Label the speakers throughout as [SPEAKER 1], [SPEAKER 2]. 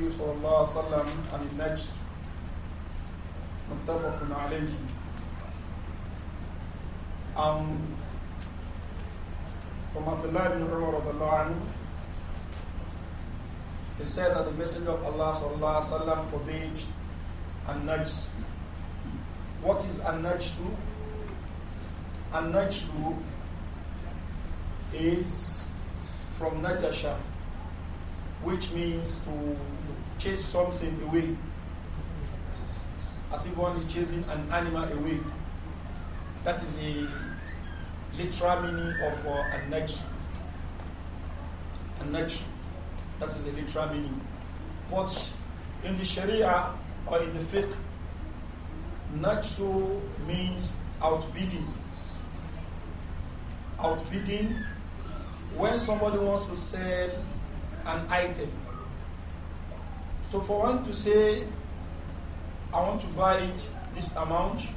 [SPEAKER 1] النبي صلى الله عليه وسلم عن النجس متفق عليه عن from Abdullah bin Umar radiallahu anhu he said that the Messenger of Allah sallallahu alaihi wasallam forbade an-najs what is an-najsu an-najsu is from najasha which means to chase something away. As if one is chasing an animal away. That is the literal meaning of uh, an next. next. That is the literal meaning. But in the Sharia or in the faith, Naxu means outbidding. Outbidding when somebody wants to sell an item so for one to say, I want to buy it this amount,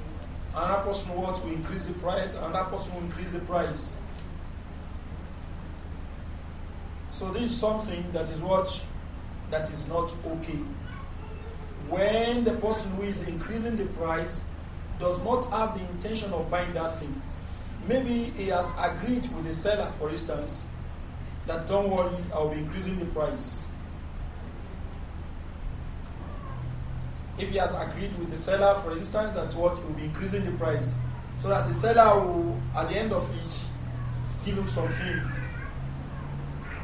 [SPEAKER 1] another person wants to increase the price, another person will increase the price. So this is something that is what that is not okay. When the person who is increasing the price does not have the intention of buying that thing. Maybe he has agreed with the seller, for instance, that don't worry, I'll be increasing the price. If he has agreed with the seller, for instance, that's what he will be increasing the price. So that the seller will, at the end of each, give him something.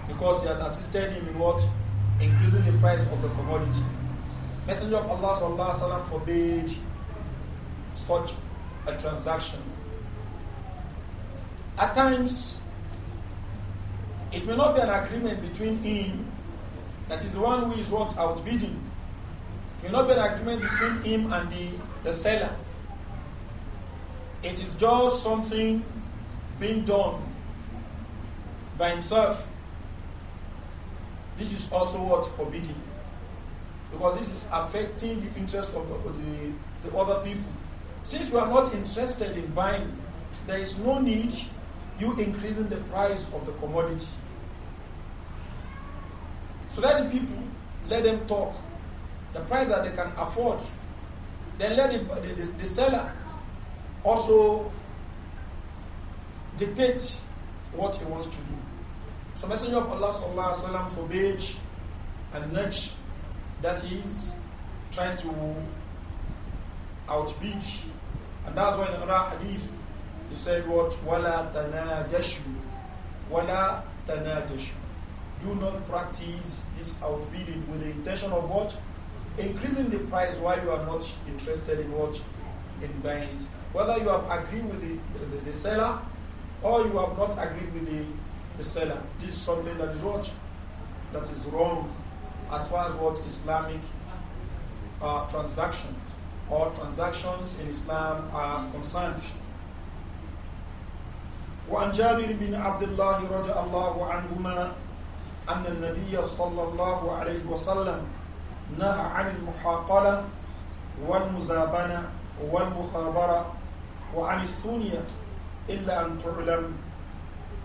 [SPEAKER 1] Because he has assisted him in what? Increasing the price of the commodity. Messenger of Allah sallallahu alaihi wasallam forbade such a transaction. At times, it may not be an agreement between him, that is the one who is what outbidding, will not be an agreement between him and the, the seller. It is just something being done by himself. This is also what forbidden. Because this is affecting the interest of the, the, the other people. Since you are not interested in buying, there is no need you increasing the price of the commodity. So let the people let them talk the price that they can afford. Then let the, the, the, the seller also dictate what he wants to do. So Messenger of Allah sallallahu alaihi wasallam forbade and nudge that is trying to outbid. And that's why in another hadith he said what wala tanadashu, wala tanadashu." do not practice this outbidding with the intention of what increasing the price while you are not interested in what in buying it, whether you have agreed with the, the, the seller or you have not agreed with the, the seller. This is something that is what that is wrong as far as what Islamic uh, transactions or transactions in Islam are concerned. وعن جابر بن عبد الله رضي الله عنهما أن النبي صلى الله عليه وسلم نهى عن المحاقلة والمزابنة والمخابرة وعن الثنية إلا أن تعلم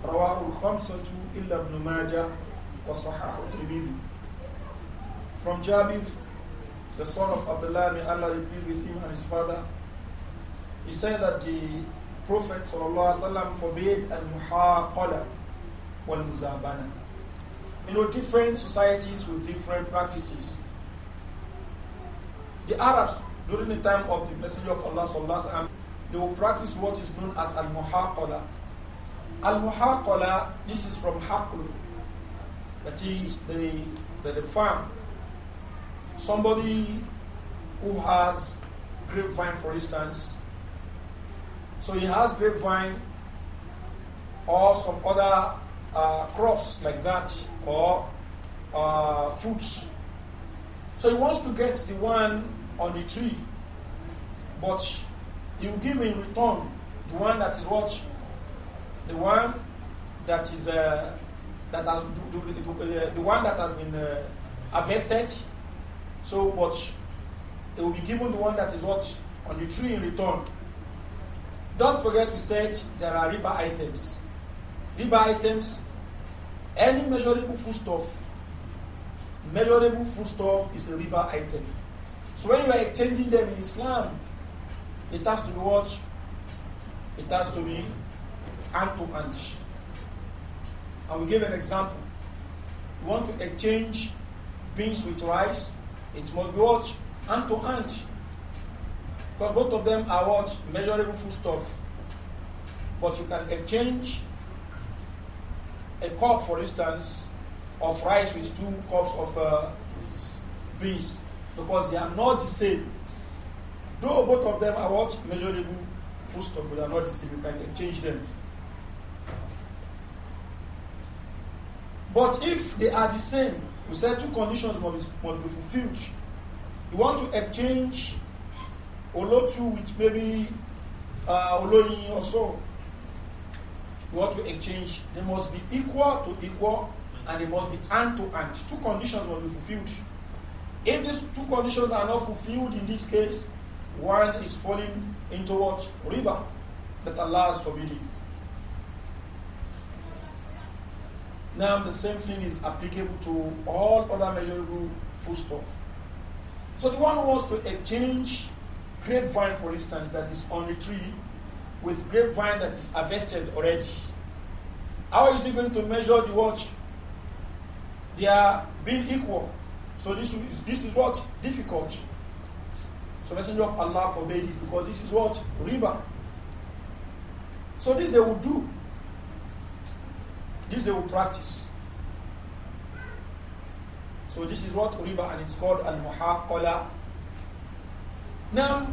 [SPEAKER 1] رواه الخمسة إلا ابن ماجه وصححه الترمذي From Jabir, the son of Abdullah, may Allah be pleased with him and his father, he said that the Prophet ﷺ forbade al-muhaqala wal-muzabana. You know, different societies with different practices. The Arabs, during the time of the Messenger of Allah, وسلم, they will practice what is known as al muhaqqala. Al muhaqqala, this is from haqlu, that is the, the, the farm. Somebody who has grapevine, for instance, so he has grapevine or some other uh, crops like that or uh, fruits. So he wants to get the one on the tree. But he will give in return the one that is what? The one that is uh, that has the, the, the, uh, one that has been uh, harvested. So, but it will be given the one that is what on the tree in return. Don't forget, we said there are riba items. Riba items, any measurable foodstuff, measurable foodstuff is a riba item. So when you are exchanging them in Islam, it has to be what? It has to be hand to hand. I will give an example. You want to exchange beans with rice, it must be what? Hand to hand. Because both of them are what? Measurable foodstuff. But you can exchange a cup, for instance, of rice with two cups of uh, beans because they are not the same. Though both of them are what? Measurable foodstuff, but they are not the same. You can exchange them. But if they are the same, you said two conditions must be, must be fulfilled. You want to exchange 2 with maybe uh, Oloyin or so. You want to exchange. They must be equal to equal and they must be hand to hand. Two conditions must be fulfilled. If these two conditions are not fulfilled in this case, one is falling into what? river that Allah has forbidden. Now the same thing is applicable to all other measurable foodstuff. So the one who wants to exchange grapevine, for instance, that is on the tree with grapevine that is harvested already. How is he going to measure the watch? They are being equal. So this is, this is what? Difficult. So Messenger of Allah forbade this because this is what? Riba. So this they will do. This they will practice. So this is what riba and it's called al-muhaqqala. Now,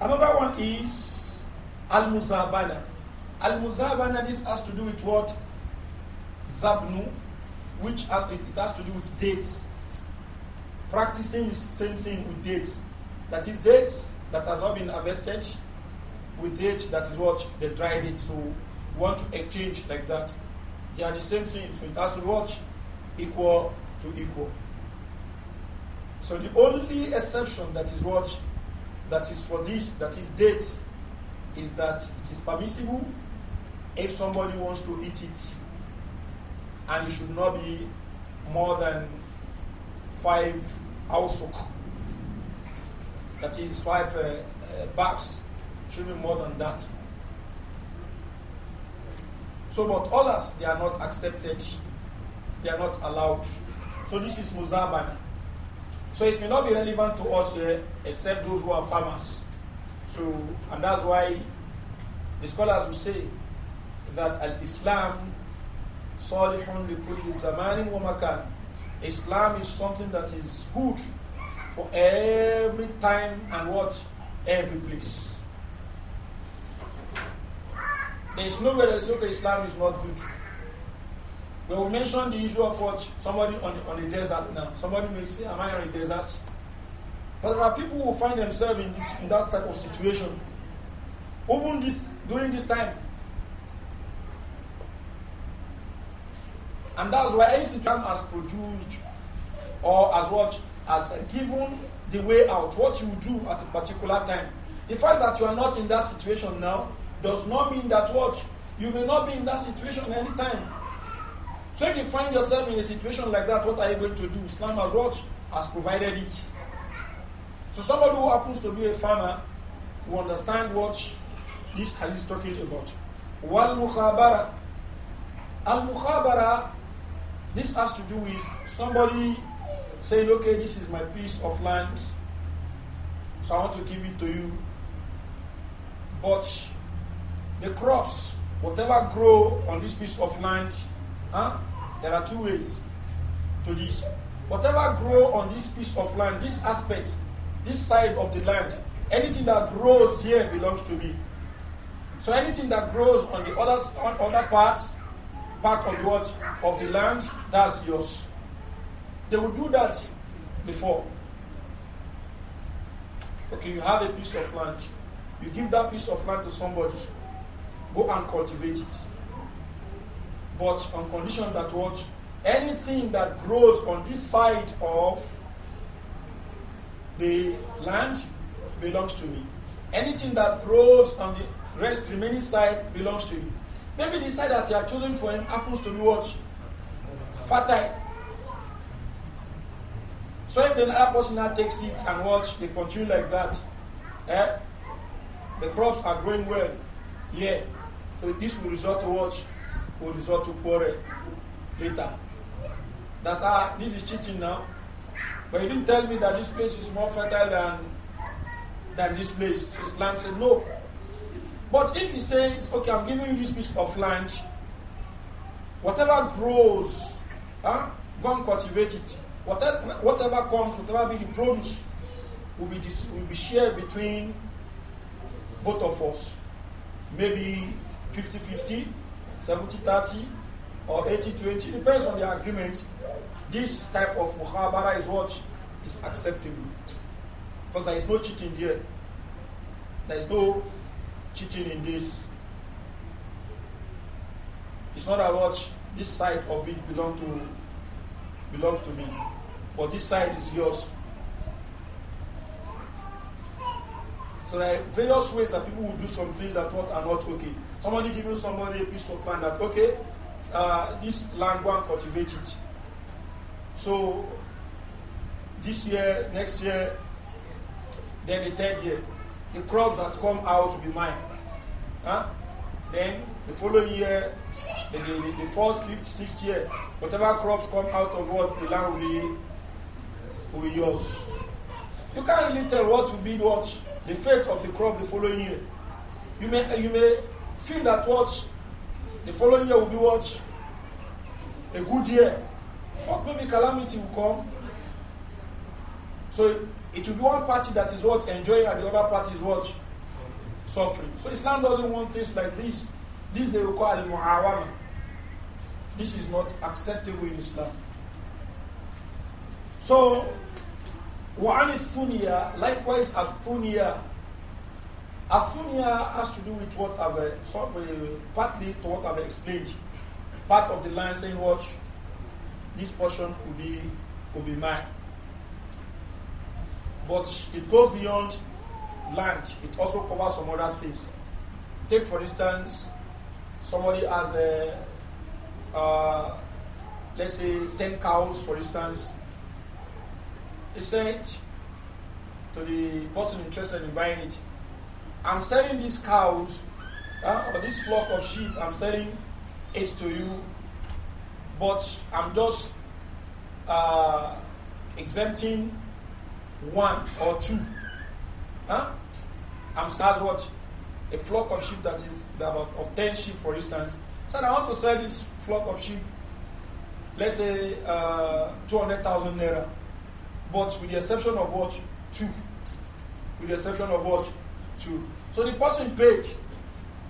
[SPEAKER 1] another one is al-muzabana. Al-muzabana, this has to do with what? Zabnu, which has, it has to do with dates practicing the same thing with dates. That is dates that has not been harvested with dates that is what they try to So we want to exchange like that. They are the same thing. So it has to watch equal to equal. So the only exception that is what that is for this, that is dates, is that it is permissible if somebody wants to eat it and it should not be more than five awsuk, that is five uh, uh, should be more than that. So, but others, they are not accepted, they are not allowed. So, this is muzaban. So, it may not be relevant to us here, except those who are farmers. So, and that's why the scholars will say that al Islam salihun li kulli zamanin wa makan. Islam is something that is good for every time and what? Every place. There is nowhere that is okay, Islam is not good. When we mention the issue of what somebody on, on the desert now, somebody may say, Am I on a desert? But there are people who find themselves in, this, in that type of situation. Even this, during this time, And that's why any situation has produced or as what has given the way out, what you do at a particular time. The fact that you are not in that situation now does not mean that what you may not be in that situation anytime. So if you find yourself in a situation like that, what are you going to do? Islam has what? Has provided it. So somebody who happens to be a farmer who understand what this hadith is talking about. Wal Al mukhabara this has to do with somebody saying, okay, this is my piece of land, so I want to give it to you. But the crops, whatever grow on this piece of land, huh, there are two ways to this. Whatever grow on this piece of land, this aspect, this side of the land, anything that grows here belongs to me. So anything that grows on the other on other parts part of what? Of the land, that's yours. They would do that before. Okay, you have a piece of land. You give that piece of land to somebody. Go and cultivate it. But on condition that what? Anything that grows on this side of the land belongs to me. Anything that grows on the rest remaining side belongs to you. Maybe the side that you are choosing for him happens to be what? Fertile. So if the other person now takes it and watch, they continue like that. Eh? The crops are growing well. Yeah. So this will result to what? Will result to quarrel later. That ah, this is cheating now. But he didn't tell me that this place is more fertile than than this place. So Islam said no. But if he says, okay, I'm giving you this piece of land, whatever grows, huh, go and cultivate it. Whatever, whatever comes, whatever be the produce, will be, dis- will be shared between both of us. Maybe 50 50, 70 30, or 80 20, depends on the agreement. This type of muhabara is what is acceptable. Because there is no cheating here. There is no cheating in this. It's not about this side of it belong to belong to me, but this side is yours. So there are various ways that people will do some things that thought are not okay. Somebody giving somebody a piece of land that okay, uh, this land go and cultivate it. So this year, next year, then the third year the crops that come out will be mine. Huh? Then the following year, the, the, the fourth, fifth, sixth year, whatever crops come out of what the land will be, will be yours. You can't really tell what will be what the fate of the crop the following year. You may you may feel that what the following year will be what a good year, but maybe calamity will come. So it will be one party that is what enjoying and the other party is what suffering. So Islam doesn't want things like this. This they require mu'awama. This is not acceptable in Islam. So وعن الثنية likewise الثنية Athunia has to do with what I've uh, uh, partly to what I've explained. Part of the line saying what this portion could be could be mine but it goes beyond land. It also covers some other things. Take, for instance, somebody has a, uh, uh, let's say, 10 cows, for instance. He said to the person interested in buying it, I'm selling these cows uh, or this flock of sheep, I'm selling it to you, but I'm just uh, exempting one or two. Huh? I'm sorry, what? A flock of sheep that is about of 10 sheep, for instance. So I want to sell this flock of sheep, let's say uh, 200,000 naira. But with the exception of what? Two. With the exception of what? Two. So the person paid.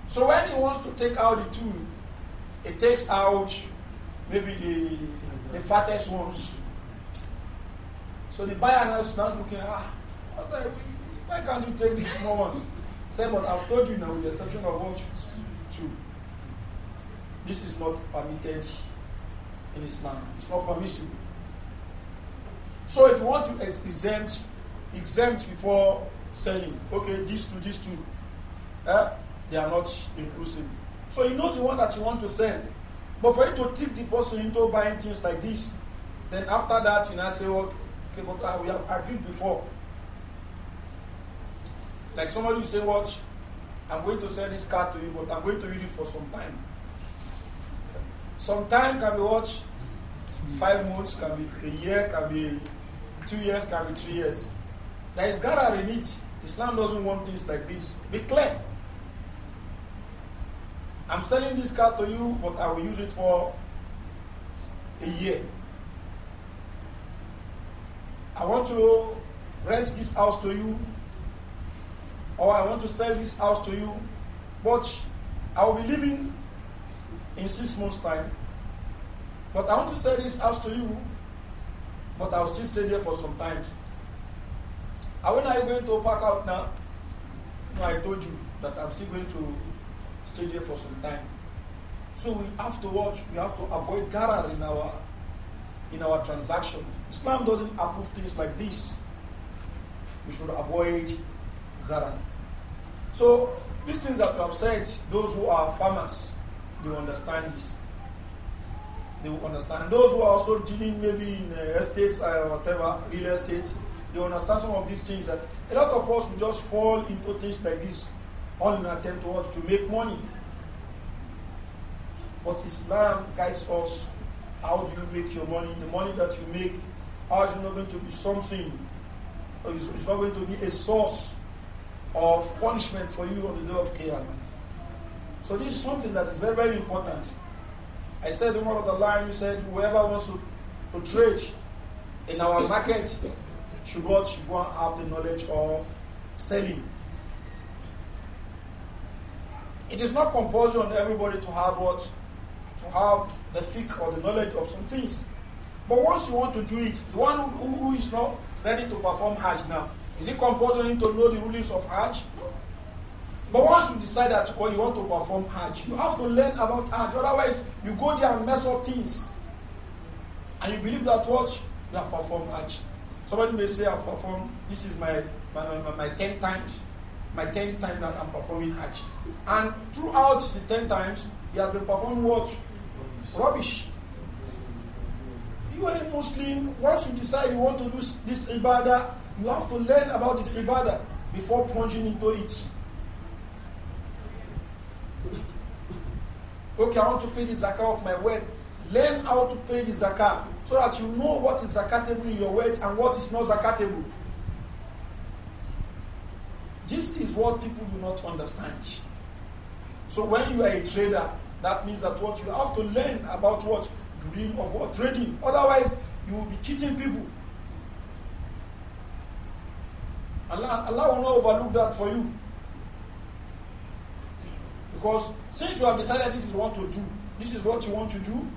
[SPEAKER 1] So when he wants to take out the two, it takes out maybe the, the fattest ones. So the buyer now is not looking, ah, why can't you take these small ones? Say, but I've told you now, with the exception of one, two. This is not permitted in Islam. It's not permissible. So if you want to exempt, exempt before selling, okay, these two, these two, eh, they are not inclusive. So you know the one that you want to sell. But for you to tip the person into buying things like this, then after that, you now say, well, Okay, but uh, we have agreed before. Like somebody will say, Watch, I'm going to sell this car to you, but I'm going to use it for some time. Some time can be watch, Five months, can be a year, can be two years, can be three years. There is God in it. Islam doesn't want things like this. Be clear. I'm selling this car to you, but I will use it for a year. I want to rent this house to you, or I want to sell this house to you, but I will be leaving in six months' time. But I want to sell this house to you, but I'll still stay there for some time. And when are you going to pack out now? No, I told you that I'm still going to stay there for some time. So we have to watch, we have to avoid gathering in our in our transactions. Islam doesn't approve things like this. We should avoid gharan. So these things that we have said, those who are farmers, they will understand this. They will understand. Those who are also dealing maybe in uh, estates or uh, whatever, real estate, they understand some of these things that a lot of us will just fall into things like this, all in attempt to, to make money. But Islam guides us how do you make your money? The money that you make, how is it not going to be something, it's not going to be a source of punishment for you on the day of Qiyamah. So this is something that is very, very important. I said in one of the line, you said, whoever wants to, to trade in our market should not should go and have the knowledge of selling. It is not compulsory on everybody to have what to have the fiqh or the knowledge of some things. But once you want to do it, the one who, who is not ready to perform Hajj now, is it compulsory to know the rulings of Hajj? But once you decide that oh, you want to perform Hajj, you have to learn about Hajj. Otherwise, you go there and mess up things. And you believe that what? You have performed Hajj. Somebody may say, I performed this is my, my, my, my 10 times, my 10th time that I'm performing Hajj. And throughout the 10 times, you have been performing what? Rubbish. You are a Muslim, once you decide you want to do this ibadah, you have to learn about the ibadah before plunging into it. Okay, I want to pay the zakah of my wealth. Learn how to pay the zakah so that you know what is zakatable in your wealth and what is not zakatable. This is what people do not understand. So when you are a trader, that means that what you have to learn about what the realm of what trading. Otherwise, you will be cheating people. Allah, Allah will not overlook that for you. Because since you have decided this is what to do, this is what you want to do,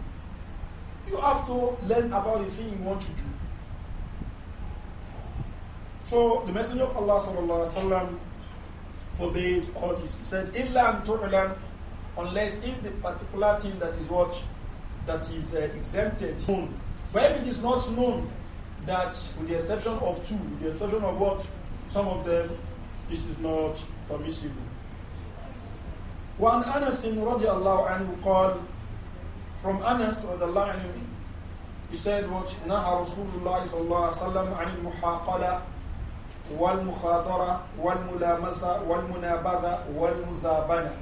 [SPEAKER 1] you have to learn about the thing you want to do. So the Messenger of Allah وسلم, forbade all this. He said, إِلَّا أَن تُعْلَمْ unless in the particular thing that is what that is uh, exempted moon. But if it is not known that with the exception of two, with the exception of what some of them, this is not permissible. One Anas in Allah anhu called from Anas anhu, he said what Naha Rasulullah sallallahu sallam an muhaqala wal muhadara wal mulamasa wal munabada wal muzabana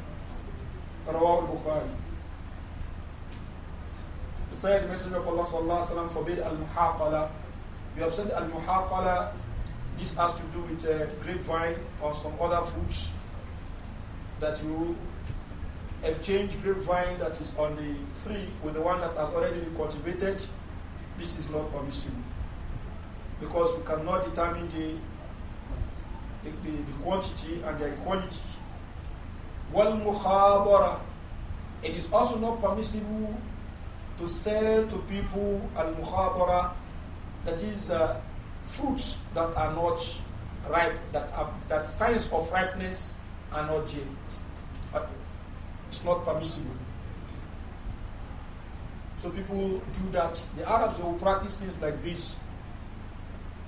[SPEAKER 1] Rawah al Messenger of Allah sallallahu alayhi wa forbid al-muhaqala. We have said al-muhaqala, this has to do with uh, grapevine or some other fruits that you exchange grapevine that is on the tree with the one that has already been cultivated. This is not permissible because you cannot determine the, the, the, the quantity and the quality والمخابرة it is also not permissible to sell to people al-mukhabara that is uh, fruits that are not ripe that are, that signs of ripeness are not yet it's not permissible so people do that the arabs will practice things like this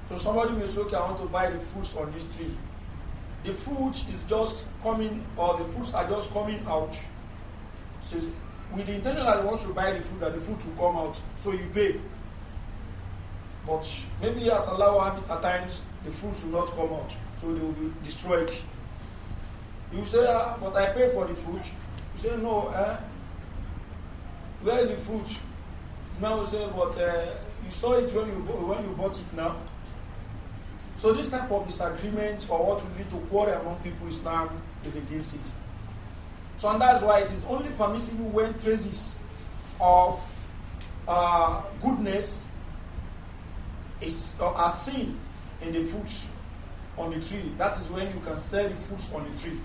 [SPEAKER 1] so somebody may say okay i want to buy the fruits on this tree the fruit is just coming, or the fruits are just coming out. Says, with the intention that he wants to buy the fruit, that the fruit will come out, so you pay. But maybe as Allah have it at times, the fruits will not come out, so they will be destroyed. You say, ah, but I pay for the fruit. You say, no, eh? Where is the fruit? Now you say, but uh, you saw it when you, when you bought it now. So this type of disagreement or what would lead to quarrel among people is now is against it. So and that's why it is only permissible when traces of uh, goodness is uh, are seen in the fruit on the tree. That is when you can sell the fruits on the tree.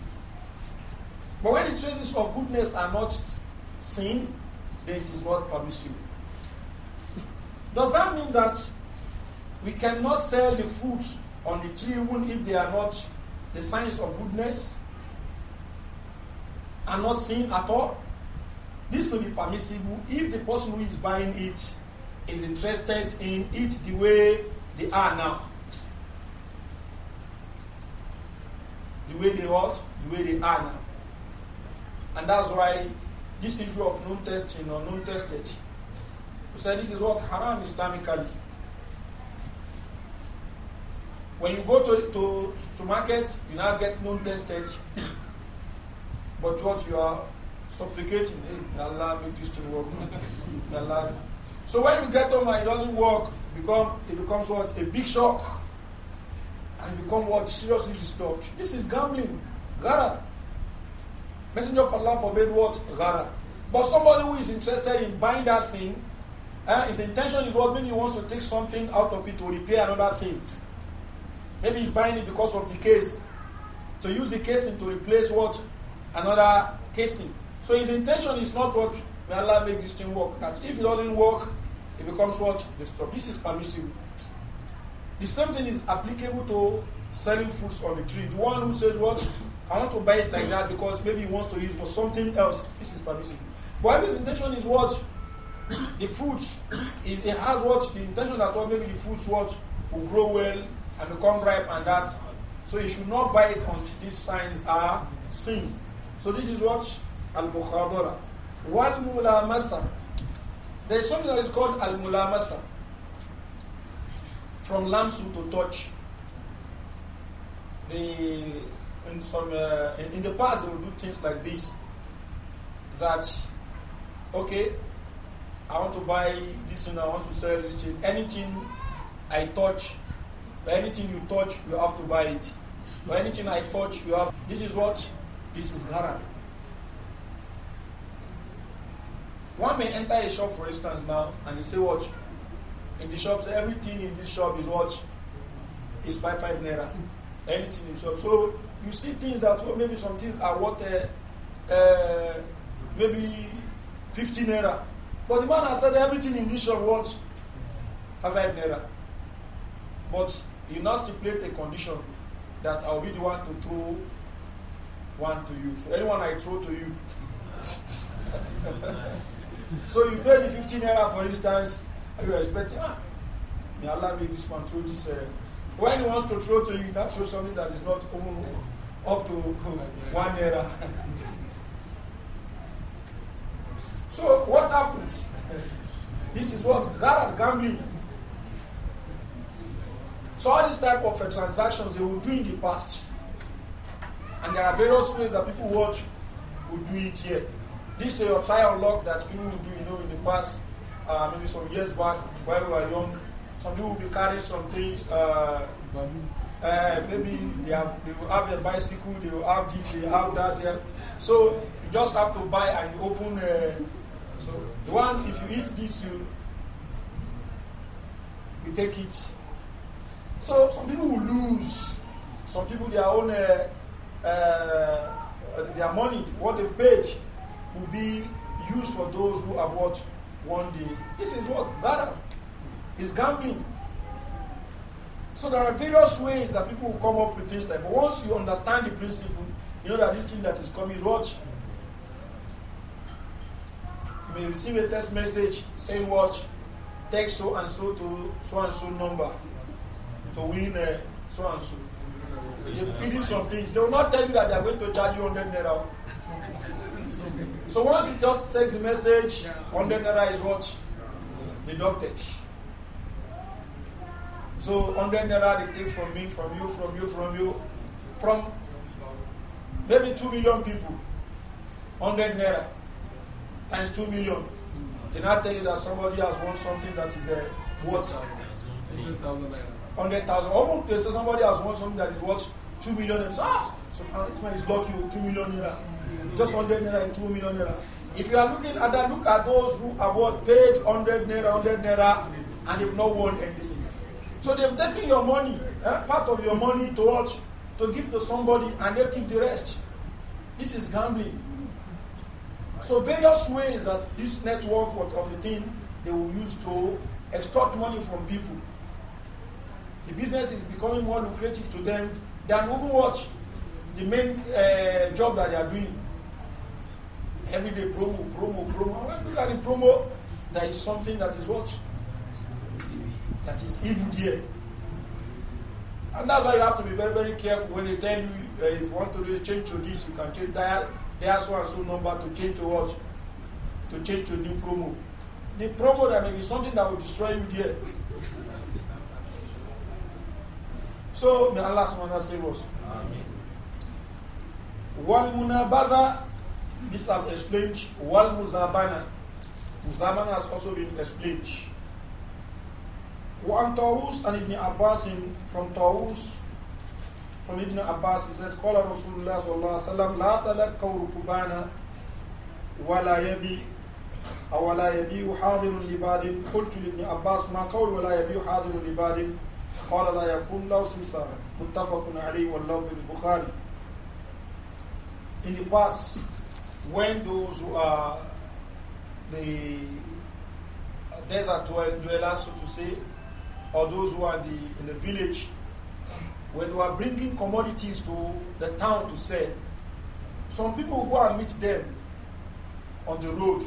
[SPEAKER 1] But when the traces of goodness are not seen, then it is not permissible. Does that mean that we cannot sell the fruit on the tree even if they are not the signs of goodness are not seen at all. This will be permissible if the person who is buying it is interested in it the way they are now. The way they ought, the way they are now. And that's why this issue of non testing or non tested, we say this is what haram Islamically. When you go to, to, to market, you now get moon tested. but what you are supplicating, hey, Allah make this thing work. Allah. So when you get home and it doesn't work, become it becomes what? A big shock. And become what? Seriously disturbed. This is gambling. Gara. Messenger of Allah forbade what? Gara. But somebody who is interested in buying that thing, uh, his intention is what? Maybe he wants to take something out of it to repair another thing. Maybe he's buying it because of the case. To use the casing to replace what? Another casing. So his intention is not what may Allah make this thing work. That if it doesn't work, it becomes what? Destroyed. This is permissible. The same thing is applicable to selling fruits on the tree. The one who says what? I want to buy it like that because maybe he wants to use for something else. This is permissible. But if his intention is what? The fruits, it has what? The intention that what maybe the fruits what? Will grow well and become ripe and that. So you should not buy it until these signs are seen. So this is what al-mukhadara. Wal-mulamasa. There is something that is called al-mulamasa. From lamsu to touch. The, in, some, uh, in, in the past, they would do things like this. That, okay, I want to buy this and I want to sell this thing. Anything I touch or anything you touch, you have to buy it. Or anything I touch, you have. This is what? This is haram. One may enter a shop, for instance, now, and he say, "What? In the shops, everything in this shop is what? Is five five naira. Anything in the shop. So you see things that well, oh, maybe some things are worth uh, maybe fifteen naira, but the man has said everything in this shop what five naira. But you now stipulate a condition that I'll be the one to throw one to you. So anyone I throw to you. so you pay the 15 naira, for instance, and you are expecting, ah, may Allah make this one throw this. Uh, when he wants to throw to you, he throw something that is not over, up to one naira. so what happens? this is what? God gambling. So all these type of uh, transactions they will do in the past. And there are various ways that people watch will do it here. This is your trial luck that people will do, you know, in the past, uh, maybe some years back, while we were young, some people will be carrying some things, uh, uh, maybe they, have, they will have a bicycle, they will have this, they have that. Yeah. So you just have to buy and you open. Uh, so the one, if you eat this, you, you take it. So some people will lose. Some people, their own, uh, uh, uh, their money, what they've paid, will be used for those who have what one day. This is what Ghana is gambling. So there are various ways that people will come up with this type. But once you understand the principle, you know that this thing that is coming is what you may receive a text message saying what text so and so to so and so number to win uh, so and so. You're bidding some things. They will not tell you that they are going to charge you 100 naira. so once you just text the message, 100 naira is what? Deducted. So 100 naira they take from me, from you, from you, from you, from maybe 2 million people. 100 naira times 2 million. They now tell you that somebody has won something that is uh, worth. 100,000 naira. 100,000. Or they say somebody has won something that is worth 2 million. And ah, so this man is lucky with 2 million naira. Just 100 naira and 2 million naira. If you are looking at that, look at those who have what paid 100 naira, 100 naira, and they've not won anything. So they've taken your money, eh, part of your money to watch, to give to somebody, and they keep the rest. This is gambling. So various ways that this network of a thing they will use to extort money from people the business is becoming more lucrative to them than even what the main uh, job that they are doing. Every day promo, promo, promo. When look at the promo, there is something that is what? That is evil there. And that's why you have to be very, very careful when they tell you uh, if you want to change your this, you can change dial, There's so and so number to change your what? To change to new promo. The promo, that may be something that will destroy you there. So may Allah subhanahu save us. Amen. Wal munabada, this I've explained. Wal muzabana, muzabana has also been explained. Wa Tawus and Ibn Abbas from Tawus from Ibn Abbas he said "Call رسول الله صلى الله عليه وسلم لا تلقوا ركبانا ولا يبي أو ولا يبي حاضر لباد قلت لابن عباس ما قول ولا يبي حاضر لباد قال لا يكون له متفق عليه واللوم البخاري in the past when those who are the desert dwellers so to say or those who are the, in the village when they were bringing commodities to the town to sell some people go and meet them on the road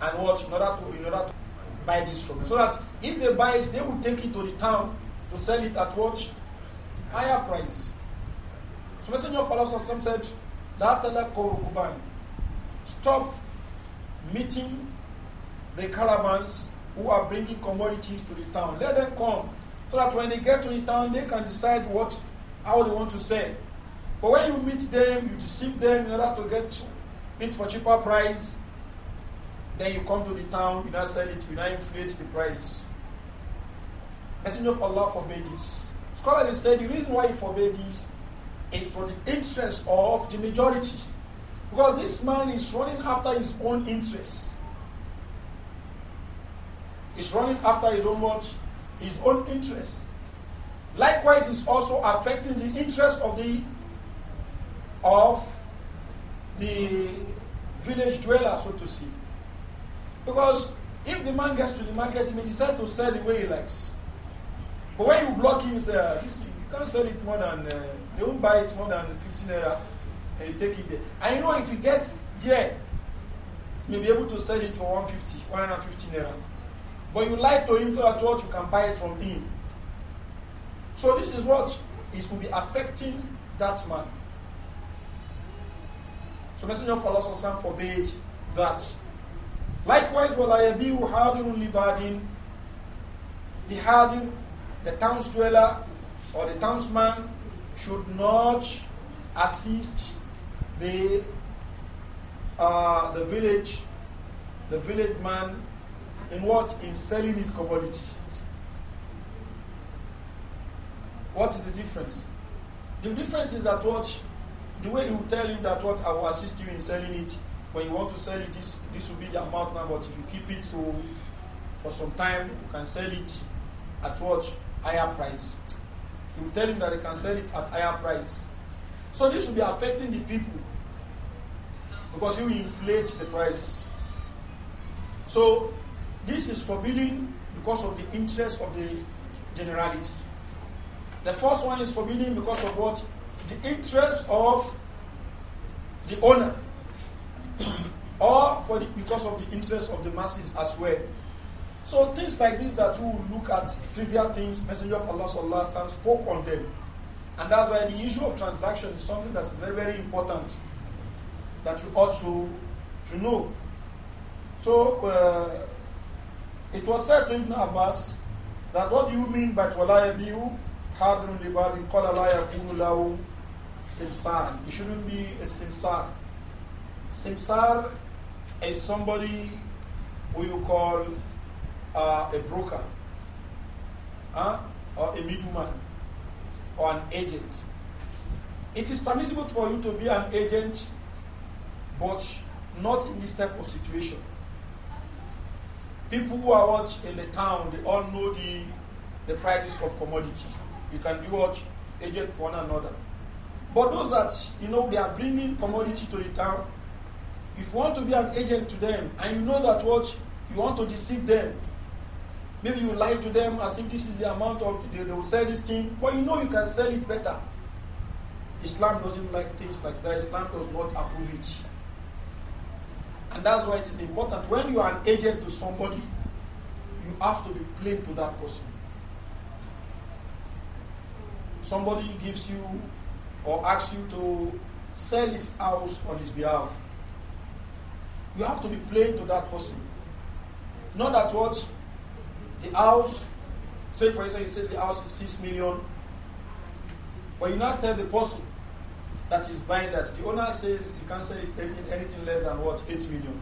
[SPEAKER 1] and watch in order to in order to buy this So that if they buy it, they will take it to the town to sell it at what? Higher price. So Messenger of Allah said, Latala rukuban. Stop meeting the caravans who are bringing commodities to the town. Let them come so that when they get to the town, they can decide what how they want to sell. But when you meet them, you deceive them in order to get meat for cheaper price. Then you come to the town, you now sell it, you now inflate the prices. Messenger of Allah forbade this. Scholarly said the reason why he forbade this is for the interest of the majority. Because this man is running after his own interests. He's running after his own what? His own interests. Likewise, it's also affecting the interest of the of the village dweller, so to speak. Because if the man gets to the market, he may decide to sell the way he likes. But when you block him, you say, uh, you, see, you can't sell it more than, uh, they won't buy it more than 15 naira, and you take it there. And you know, if he gets there, you may be able to sell it for 150, 150 naira. But you like to influence what you can buy it from him. So this is what is will be affecting that man. So Messenger of Allah forbade that. Likewise, وَلَا يَبِيهُ حَاضِرٌ لِبَادٍ The hadir, the town's dweller or the townsman should not assist the, uh, the village, the village man in what? In selling his commodity. What is the difference? The difference is that what the way he will tell him that what I will assist you in selling it when you want to sell it, this, this will be the amount now, but if you keep it to, for some time, you can sell it at what? Higher price. You tell him that they can sell it at higher price. So this will be affecting the people because you inflate the prices. So this is forbidden because of the interest of the generality. The first one is forbidden because of what? The interest of the owner or for the, because of the interest of the masses as well. So things like this that we look at trivial things, Messenger of Allah Sallallahu Alaihi spoke on them. And that's why the issue of transaction is something that is very, very important that you also to know. So uh, it was said to Ibn Abbas that what do you mean by Twala Yabiu Hadrun Libadin Qala La Yakunu Simsan? It shouldn't be a simsan. Simsar is somebody who you call uh, a broker, huh? or a middleman, or an agent. It is permissible for you to be an agent, but not in this type of situation. People who are watch in the town, they all know the, the prices of commodity. You can be watch agent for one another. But those that you know they are bringing commodity to the town, if you want to be an agent to them and you know that what you want to deceive them, maybe you lie to them as if this is the amount of they, they will sell this thing, but you know you can sell it better. Islam doesn't like things like that. Islam does not approve it. And that's why it is important when you are an agent to somebody, you have to be plain to that person. Somebody gives you or asks you to sell his house on his behalf you have to be plain to that person. Not that what the house, say for instance, he says the house is six million, but you now tell the person that is buying that the owner says you can't say anything, anything less than what eight million.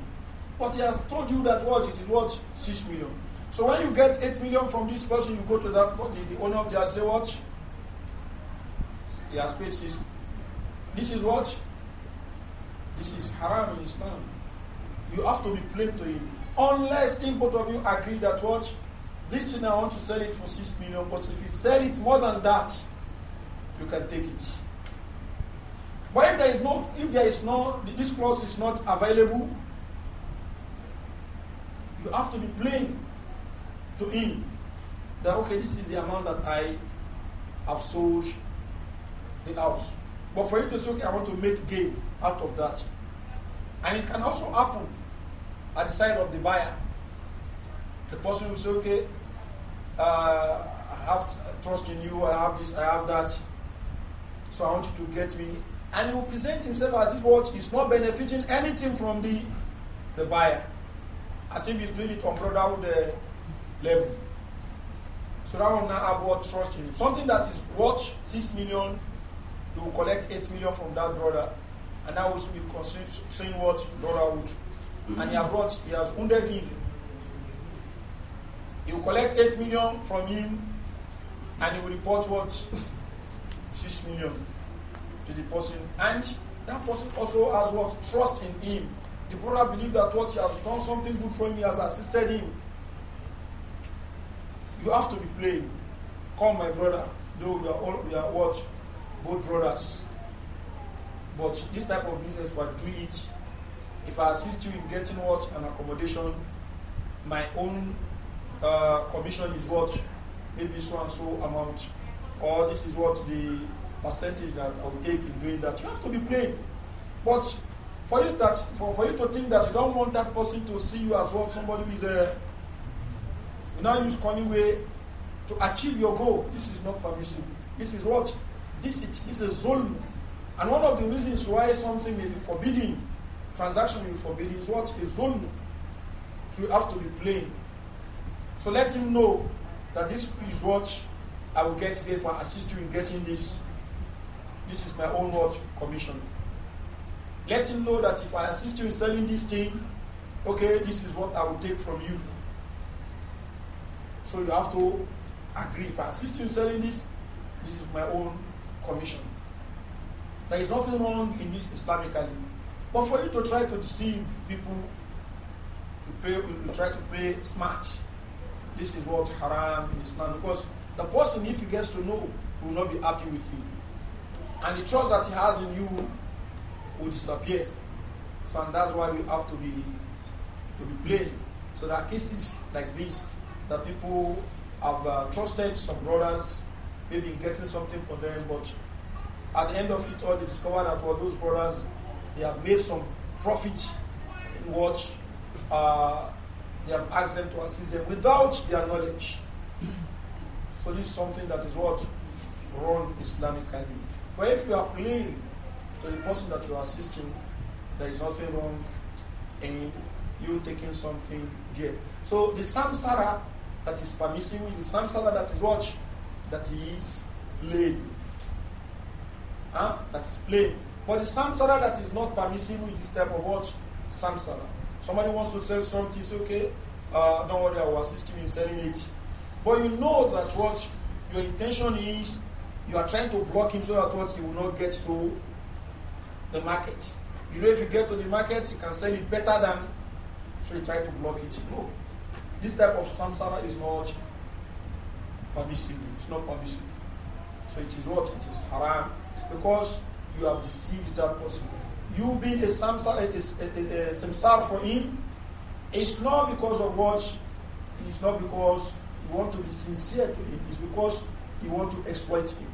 [SPEAKER 1] But he has told you that what it is what six million. So when you get eight million from this person, you go to that the, the owner of the house say what he has paid six. This is what this is haram in Islam. You have to be plain to him. Unless in both of you agree that what? This thing I want to sell it for 6 million, but if you sell it more than that, you can take it. But if there is no, if there is no, this clause is not available, you have to be plain to him that okay, this is the amount that I have sold the house. But for you to say, okay, I want to make gain out of that. And it can also happen at the side of the buyer. The person will say, okay, uh, I have trust in you, I have this, I have that, so I want you to get me. And he will present himself as if what he's not benefiting anything from the, the buyer, as if he's doing it on brotherhood uh, level. So that will now have what trust in him. Something that is worth 6 million, he will collect 8 million from that brother, and that will be considered what brotherhood and he has what? He has wounded him. He will collect 8 million from him and he will report what? 6 million to the person. And that person also has what? Trust in him. The brother believes that what he has done something good for him, he has assisted him. You have to be plain. Come, my brother. Though we are all, we are what? Both brothers. But this type of business, we do it if I assist you in getting what? An accommodation, my own uh, commission is what? Maybe so and so amount. Or this is what the percentage that I'll take in doing that. You have to be plain. But for you that for, for you to think that you don't want that person to see you as what well, somebody who is a uh, you now use cunning way to achieve your goal. This is not permissible. This is what? This is, this is And one of the reasons why something may be forbidden transaction you forbid is what? A zone. So you have to be plain. So let him know that this is what I will get there for assist you in getting this. This is my own word commission. Let him know that if I assist you in selling this thing, okay, this is what I will take from you. So you have to agree. If I assist you in selling this, this is my own commission. There is nothing wrong in this Islamically. But for you to try to deceive people, you, pay, you try to play smart. This is what haram in Islam. Because the person, if he gets to know, will not be happy with you. And the trust that he has in you will disappear. So and that's why we have to be to be played. So there are cases like this that people have uh, trusted some brothers, maybe in getting something for them, but at the end of it all, they discover that well, those brothers they have made some profit in what uh, they have asked them to assist them without their knowledge. So this is something that is what wrong Islamically. But if you are playing to the person that you are assisting, there is nothing wrong in you taking something there. So the samsara that is permissible is the samsara that is what? That is plain. Huh? That is plain. But the samsara that is not permissible is this type of what? Samsara. Somebody wants to sell something, it's okay, uh, don't worry, I will assist you in selling it. But you know that what your intention is, you are trying to block him so that what he will not get to the market. You know, if you get to the market, you can sell it better than, so you try to block it. No, this type of samsara is not permissible. It's not permissible. So it is what? It is haram. Because you have deceived that person. You being a samsar, a, a, a, samsar for him, it's not because of what, it's not because you want to be sincere to him, it's because you want to exploit him.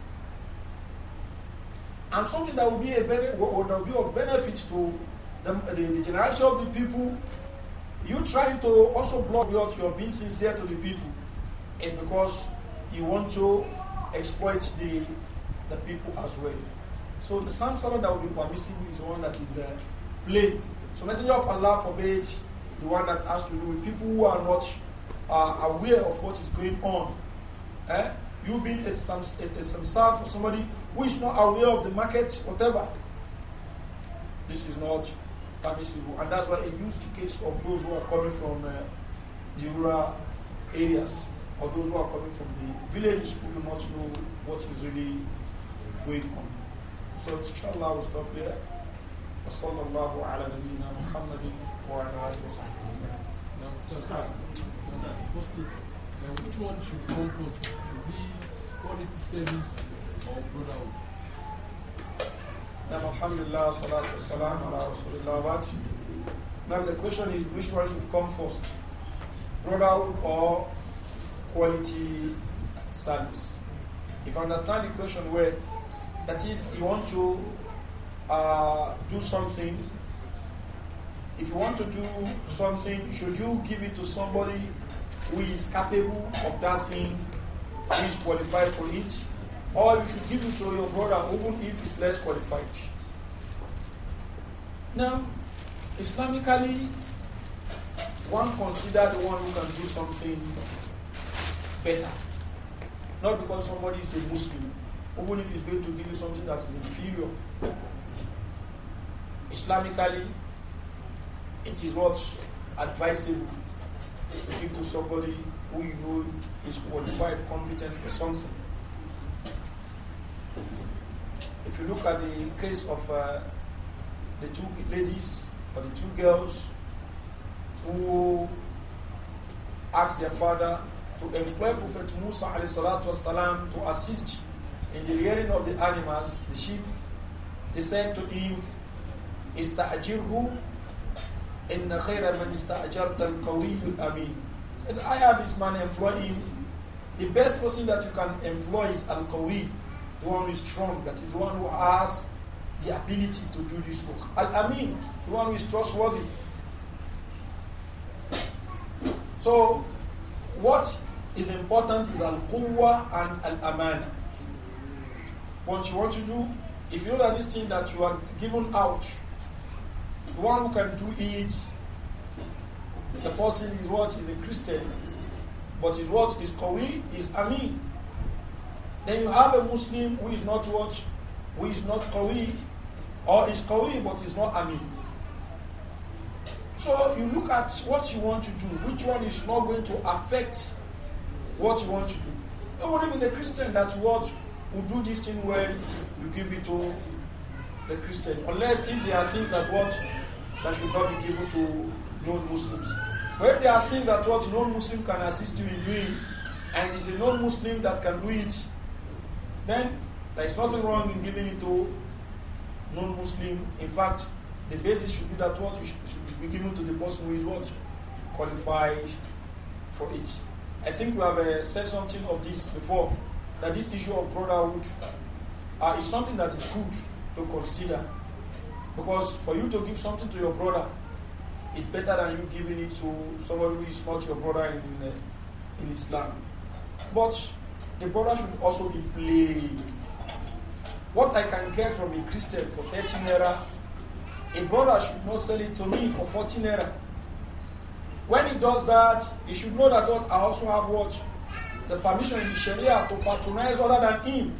[SPEAKER 1] And something that will be a benefit, would be of benefit to the, the, the generality of the people, you trying to also block out your being sincere to the people, is because you want to exploit the, the people as well. So the psalm salah that would be permissible is one that is uh, plain. So Messenger of Allah forbade the one that has to do with people who are not uh, aware of what is going on. Eh? You being a, a, a samsar for somebody who is not aware of the market, whatever. This is not permissible. And that's why I used the case of those who are coming from uh, the rural areas or those who are coming from the villages who do not know what is really going on. So inshallah we'll stop there. وصلى الله على نبينا محمد وعلى اله وصحبه اجمعين. which one should come first? Is it quality service or brotherhood? Now, Alhamdulillah, salatu salam Now, the question is which one should come first? Brotherhood or quality service? If I understand the question well, that is, you want to uh, do something. If you want to do something, should you give it to somebody who is capable of that thing, who is qualified for it, or you should give it to your brother, even if he's less qualified? Now, Islamically, one considers the one who can do something better. Not because somebody is a Muslim, even if he's going to give you something that is inferior. Islamically, it is what advisable to give to somebody who you know is qualified, competent for something. If you look at the case of uh, the two ladies or the two girls who asked their father to employ Prophet Musa wasalam to assist in the hearing of the animals, the sheep, he said to him, Ista'ajirhu inna khayra man ista'ajarta al amin. Said, I have this man employ him. The best person that you can employ is al kawi, the one who is strong, that is the one who has the ability to do this work. Al-amin, the one who is trustworthy. So, what is important is al-quwwa and al-amana what you want to do, if you know that this thing that you are given out, the one who can do it, the person is what is a Christian, but is what is Kawi, is Ami. Then you have a Muslim who is not what, who is not Kawi, or is Kawi but is not Ami. So you look at what you want to do, which one is not going to affect what you want to do. Even if it's a Christian that what who do this thing well, you give it to the Christian. Unless if there are things that what that should not be given to non-Muslims. When there are things that what non-Muslim can assist you in doing, and it's a non-Muslim that can do it, then there is nothing wrong in giving it to non-Muslim. In fact, the basis should be that what should, should be given to the person who is what qualified for it. I think we have uh, said something of this before that this issue of brotherhood uh, is something that is good to consider. Because for you to give something to your brother, it's better than you giving it to somebody who is not your brother in, uh, in Islam. But the brother should also be played. What I can get from a Christian for 13 naira, a brother should not sell it to me for 14 naira. When he does that, he should know that I also have what? the permission in Sharia to patronize other than him.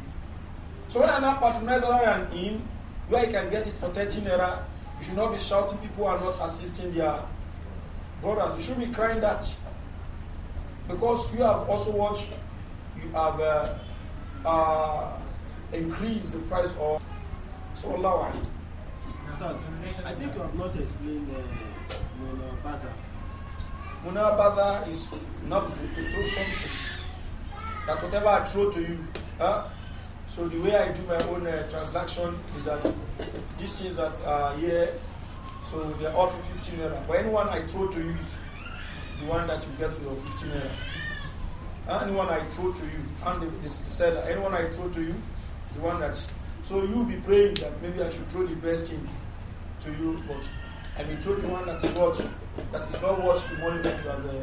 [SPEAKER 1] So when I now patronize other than him, where I can get it for 13 naira, you should not be shouting people are not assisting their brothers. You should be crying that because you have also watched you have uh, uh, increased the price of. So Allah. I think you have not explained uh, Munabada. Munabada is not to, to throw something that whatever I throw to you, huh? So the way I do my own uh, transaction is that these things that are here, so they're all 15 naira. But anyone I throw to you is the one that you get for your 15 naira. Anyone I throw to you, and the, the, the seller, anyone I throw to you, the one that. So you be praying that maybe I should throw the best thing to you, but I may throw the one that is what that is not worth the money that you have uh,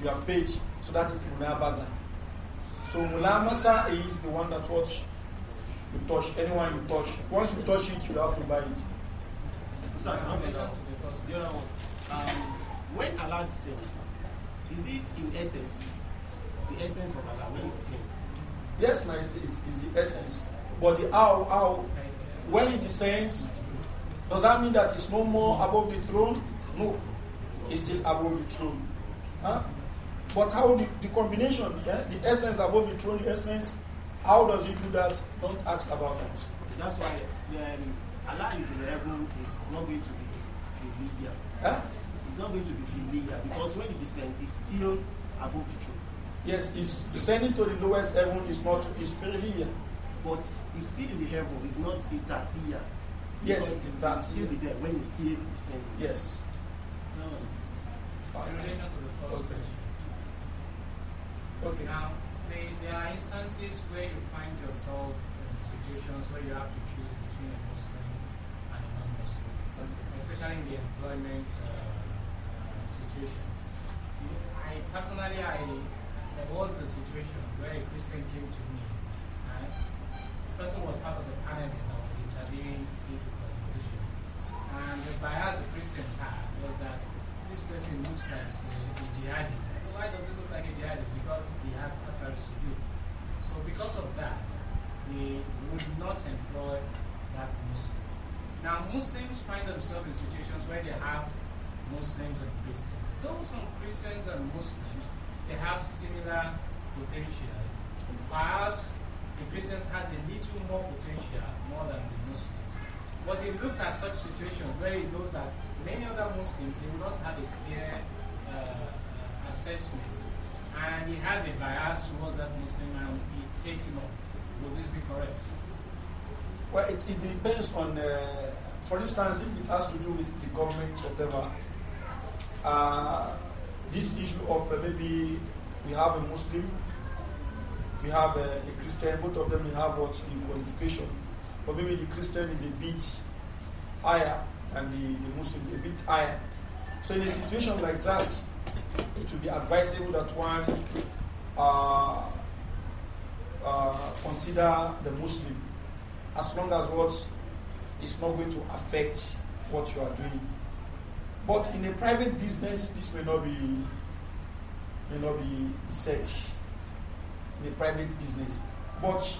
[SPEAKER 1] you have paid. So that is munabaga. So mulamasa is the one that you touch. Anyone you touch. Once you touch it, you have to buy it. Um, when Allah descends, is it in essence the essence of Allah when it descends? Yes, no, it's, it's, it's, the essence. But the how, how, when it descends, does that mean that it's no more above the throne? No, it's still above the throne. Huh? But how the, the combination, yeah, the essence above the throne, the essence, how does he do that? Don't ask about that. That's why um, Allah is in heaven is not going to be familiar. Huh? It's not going to be familiar because when you descend, it's still above the throne. Yes, it's descending to the lowest heaven is not is familiar. But it's still in the heaven, is not it's at here. Yes, it's that still be there when it's still descending. Yes. Hmm. okay. Okay.
[SPEAKER 2] Now, there are instances where you find yourself in situations where you have to choose between a Muslim and a non-Muslim, especially in the employment uh, uh, situation. I personally, I there was a situation where a Christian came to me, and the person was part of the panel that was interviewing the position, and the bias the Christian had was that this person looks like a jihadist why does it look like a jihad because he has to sujood. So because of that, they would not employ that Muslim. Now Muslims find themselves in situations where they have Muslims and Christians. Though some Christians and Muslims, they have similar potentials. Perhaps the Christians has a little more potential, more than the Muslims. But it looks at such situations where it knows that many other Muslims, they will not have a clear uh, assessment. And he has a bias
[SPEAKER 1] towards that Muslim and he takes him off. Will this be correct? Well, it, it depends on, uh, for instance, if it has to do with the government, whatever, uh, this issue of uh, maybe we have a Muslim, we have a, uh, a Christian, both of them have what the qualification. But maybe the Christian is a bit higher and the, the Muslim a bit higher. So in a situation like that, it would be advisable that one uh, uh, consider the Muslim as long as what is not going to affect what you are doing. But in a private business, this may not be may not be said in a private business. But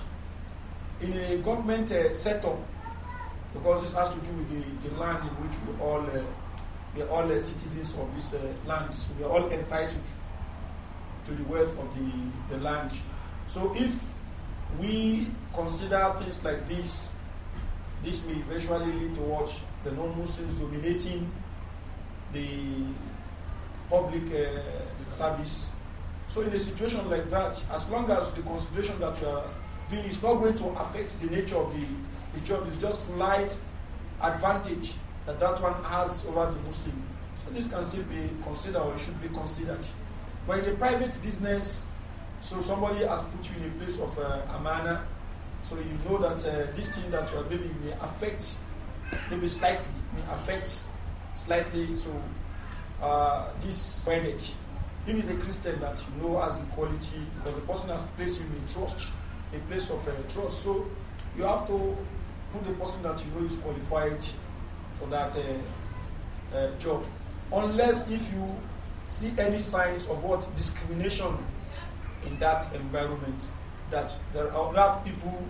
[SPEAKER 1] in a government uh, setup, because this has to do with the, the land in which we all uh, we are all uh, citizens of this uh, land. We are all entitled to the wealth of the, the land. So if we consider things like this, this may eventually lead towards the non-Muslims dominating the public uh, service. So in a situation like that, as long as the consideration that we are doing is not going to affect the nature of the, the job, it's just slight advantage that that one has over the Muslim. So this can still be considered or should be considered. But in a private business, so somebody has put you in a place of uh, amana, so you know that uh, this thing that you are doing may affect, maybe slightly, may affect slightly, so uh, this bondage. Even if a Christian that you know has equality, because the person has placed you in trust, a place of uh, trust, so you have to put the person that you know is qualified for that uh, uh, job. Unless if you see any signs of what discrimination in that environment, that there are black people,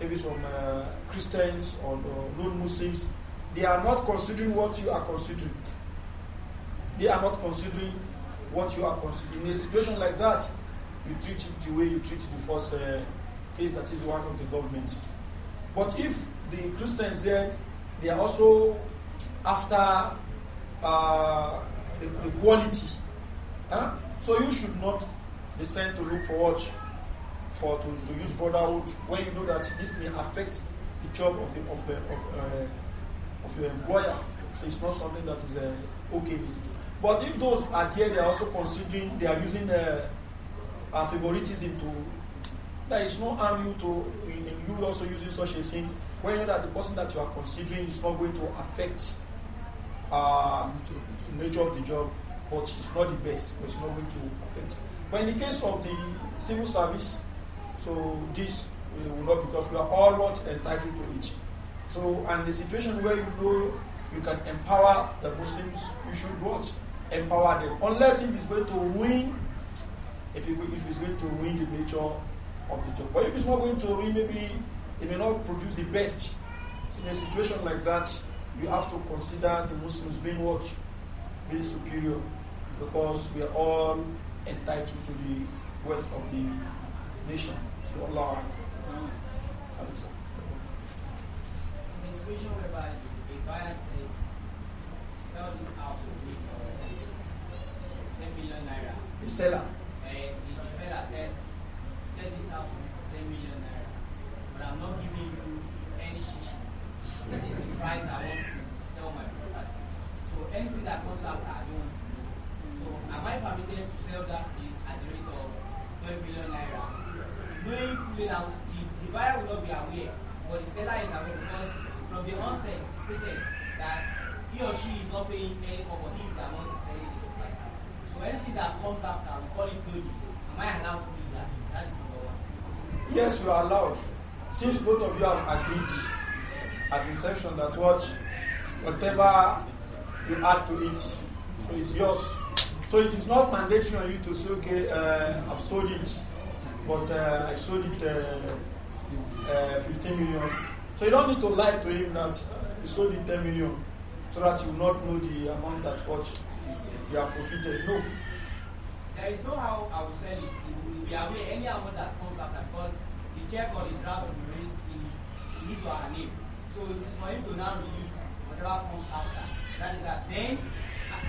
[SPEAKER 1] maybe some uh, Christians or, non-Muslims, they are not considering what you are considering. They are not considering what you are considering. In a situation like that, you treat it the way you treated the first uh, case that is the one of the government. But if the Christians there they are also after uh, the, the, quality. Huh? So you should not descend to look for what for to, to use brotherhood when you know that this may affect the job of the of the, of, uh, of your employer. So it's not something that is uh, okay. But if those are there, they are also considering they are using the uh, favoritism to. There is no harm you to in, in you also using such a thing whether you know that the person that you are considering is not going to affect um, the nature of the job, but it's not the best, but it's not going to affect. But in the case of the civil service, so this will not because we are all not entitled to it. So, and the situation where you know you can empower the Muslims, you should not Empower them. Unless if it's going to ruin, if, it, if it's going to ruin the nature of the job. But if it's not going to ruin, maybe they may not produce the best. So in a situation like that, you have to consider the Muslims being what? Being superior because we are all entitled to the wealth of the nation. So Allah.
[SPEAKER 3] The seller. Uh, the, the seller said I'm not giving you any shishi. This is the price I want to sell my property. So anything that comes after, I don't want to do. So am I permitted to sell that thing at the rate of 12 million naira? Knowing fully that the, the buyer will not be aware, but the seller is aware because from the onset stated that he or she is not paying any for what to sell the property. So anything that comes after, we call it good. Am I allowed to do that? That is number
[SPEAKER 1] one. Yes, you are allowed since both of you have agreed at inception that what whatever you add to it, so it's yours. So it is not mandatory on you to say, okay, uh, I've sold it, but uh, I sold it uh, uh 15 million. So you don't need to lie to him that uh, he sold it 10 million, so that he will not know the amount that what you have profited. No.
[SPEAKER 3] There is no how I will sell it. We will be any amount that comes after because check on the draft of the race in his, in his or her name. So it is for him to now release whatever comes after. That is that. Then,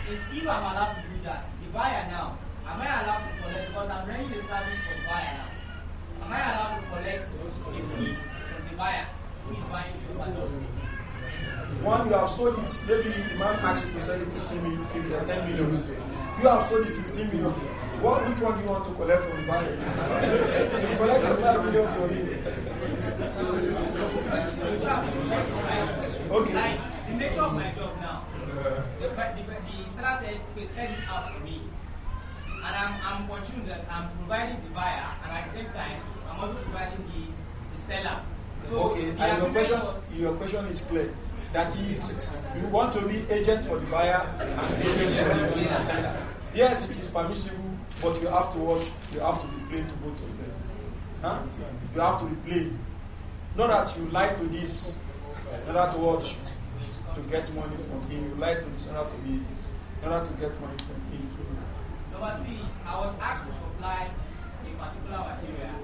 [SPEAKER 3] if, I'm allowed to do that, the buyer now, am I allowed to collect? Because I'm running the service for the buyer now. Am I allowed to collect a fee from the buyer who is buying the
[SPEAKER 1] property? One, you have sold it. Maybe the man asked you to sell it 15 million, 10 million. You have sold it 15 million. What, which one do you want to collect from the bank? you collect the 5 million from him. Okay. Like, the nature of
[SPEAKER 3] my job now, the, the, the seller said, please send this out for me. And I'm, I'm fortunate that I'm providing the buyer, and at the same time, I'm also providing the, the seller.
[SPEAKER 1] So okay, and your question, was, your question is clear. That is, you want to be agent for the buyer and agent for the seller. Yes, it is permissible but you have to watch, you have to be plain to both of them. Huh? You have to be plain. Not that you lie to this Not that to watch, to get money from him. You lie to this Not to be, Not to get money from him. Number three is I was asked to supply a particular
[SPEAKER 3] material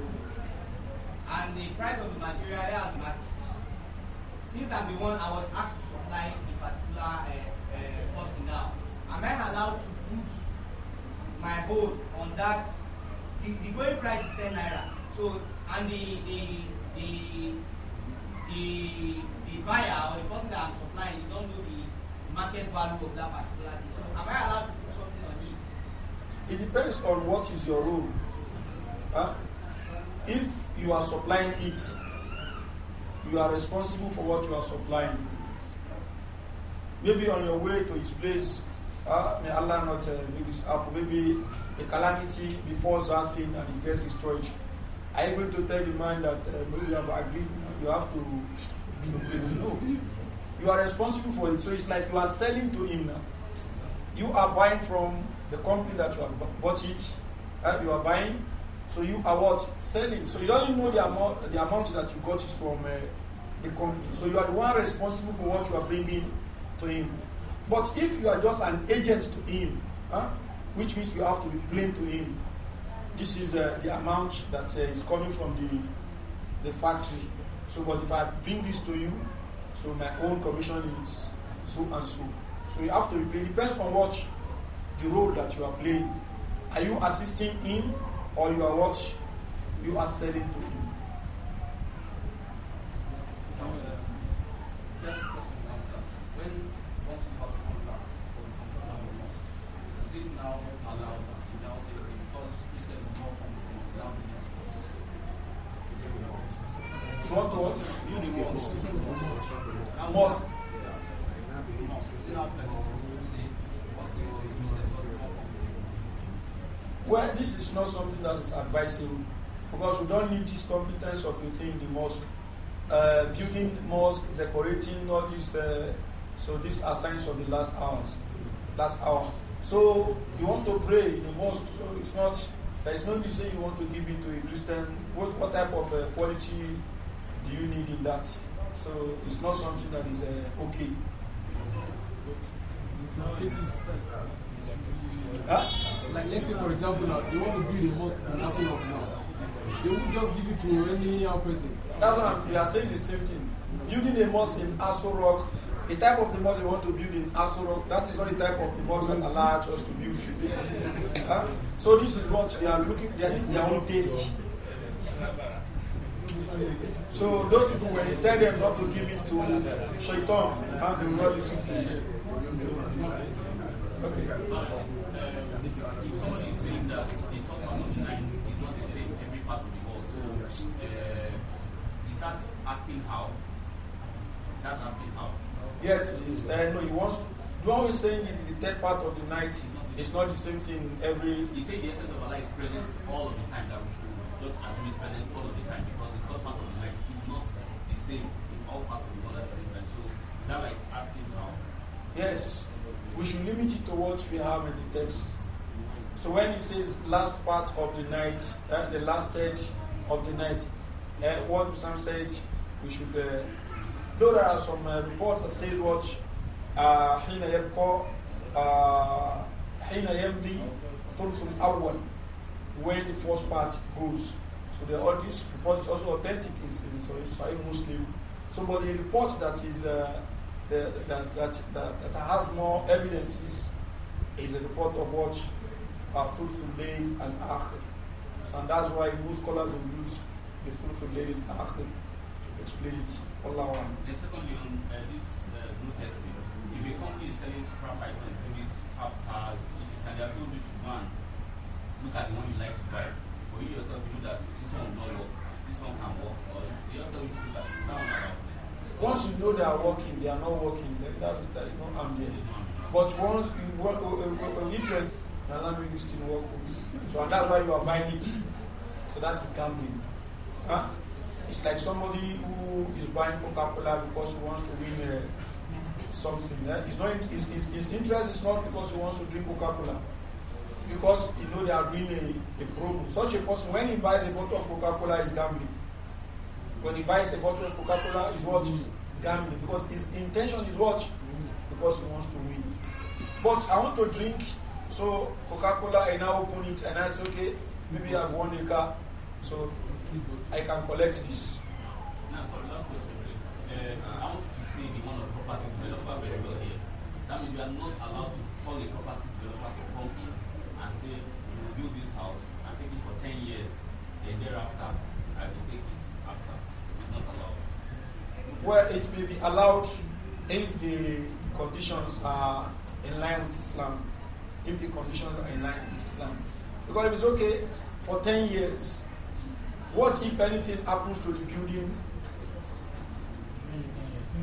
[SPEAKER 3] and the price of the material has market. Since I'm the one I was asked to supply a particular uh, uh, person now, am I allowed to put my hold on that. The, the going price is 10 naira. So, and the, the, the, the, the
[SPEAKER 1] buyer or the person
[SPEAKER 3] that I'm supplying, you don't know the market value of that particular thing. So, am I allowed to
[SPEAKER 1] put something on it? It depends on what is your role. Huh? If you are supplying it, you are responsible for what you are supplying. Maybe on your way to his place, uh, may Allah not uh, make this up. Maybe a calamity before something and it gets destroyed. Are you going to tell the man that uh, you have agreed, you have to, to No. You are responsible for it. So it's like you are selling to him now. You are buying from the company that you have bought it, uh, you are buying. So you are what? Selling. So you don't know the amount, the amount that you got it from uh, the company. So you are the one responsible for what you are bringing to him. But if you are just an agent to him, huh, which means you have to be plain to him, this is uh, the amount that uh, is coming from the, the factory. So, but if I bring this to you, so my own commission is so and so. So you have to repay. Depends on what the role that you are playing. Are you assisting him, or you are what you are selling to him? to mosque. Well, this is not something that is advisable because we don't need this competence of within the mosque. Uh, building mosque, decorating, all this. Uh, so these are signs of the last hours. Last hour. So you want to pray in the mosque, so it's not, there is no need to say you want to give it to a Christian. What, what type of uh, quality do you need in that? So it's not something that is uh, okay. In some cases, huh? like let's say for example, now you want to build a mosque in of now. They won't just give it to any other person. That's what we are saying the same thing. Building a mosque in Aso Rock, the type of the mosque they want to build in Aso Rock, that is not the type of the mosque that allows us to build. huh? So this is what they are looking. There is their own taste. So those people, were you them not to give it to shaitan, and they will not listen
[SPEAKER 2] Okay. If uh, somebody is saying that the top part of the night is not the same every part of the world, so asking how?
[SPEAKER 1] That's asking how. Yes, it is. Uh, no, he wants to. The one who's saying the third part of the night it's not the same thing every. You say the essence of Allah is present all of the time, that we should
[SPEAKER 3] just assume it's present all of the time same in all parts of the world at the same time. So is that like asking how?
[SPEAKER 1] Yes. We should limit it to what we have in the text. So when it says last part of the night, uh, the last stage of the night, uh, what some said we should. Uh, though there are some uh, reports that says what حين يبقى حين يمضي ثلث الأول when the first part goes. So the, all this report is also authentic in, in, it's a Muslim. Somebody reports that is uh, the, that, that, that, that has more evidences is a report of what uh, fruitful lay and akhir. So, and that's why most scholars will use the fruitful lay and akhir to explain it. Allah one. The second on uh, this uh, no testing. If a company is selling scrap items, maybe it's half
[SPEAKER 3] and if it's told you to one, look at the one you like to buy for yourself to that
[SPEAKER 1] this one will not work, this one can work, or you have to do that. Once you know they are working, they are not working, then that's, that is not ambient. But once you work, uh, uh, uh, if you're not doing this thing work, so and that's why you are buying it. So that is gambling. Huh? It's like somebody who is buying Coca-Cola because he wants to win uh, something. Eh? It's not, his interest is not because he wants to drink Coca-Cola because you know they are doing a, a Such a person, when he buys a bottle of Coca-Cola, is gambling. When he buys a bottle of Coca-Cola, is what? Mm. Gambling. Because his intention is what? Mm. Because he wants to win. But I want to drink, so Coca-Cola, I now open it and I say, okay, maybe I've won a car, so I can collect this. Now, sorry, last question, please. Uh,
[SPEAKER 3] I wanted to see the one of properties developer very well here. That means you are not allowed to call a property developer to come in and say, you will build this house and take it for 10 years, then
[SPEAKER 1] thereafter, I will take after. It's not allowed. Well, it may be allowed if the conditions are in line with Islam. If the conditions are in line with Islam. Because if it's okay for 10 years, what if anything happens to the building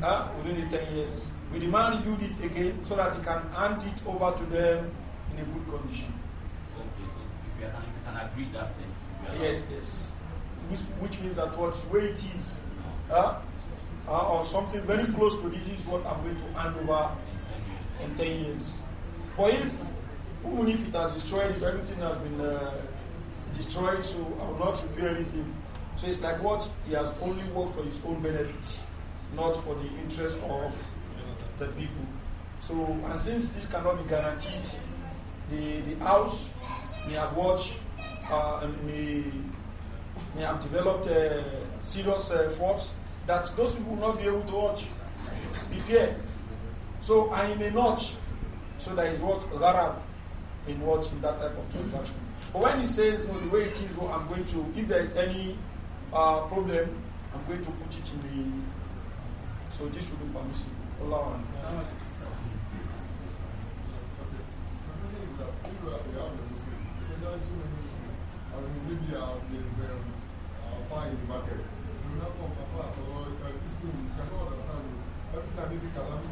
[SPEAKER 1] uh, within the 10 years? We demand rebuild it again so that it can hand it over to them in a good condition agree that Yes, yes. Which, which means that what where it is, uh, uh, or something very close to this is what I'm going to hand over in 10 years. But if, even if it has destroyed, if everything has been uh, destroyed, so I will not repair anything. So it's like what? He has only worked for his own benefit, not for the interest of the people. So, and since this cannot be guaranteed, the, the house may have watched I may, may have developed serious uh, that those people will not be able to watch, fair, So, I may not. So that is what gharab in what in that type of transaction. But when he says, no, the way it is, well, I'm going to, if there is any uh, problem, I'm going to put it in the. So this should be permissible. Allah. Allah. Yeah. Libya they
[SPEAKER 3] were uh, far in the market. You not come apart. far, so this thing you cannot understand it. Every time you calamity,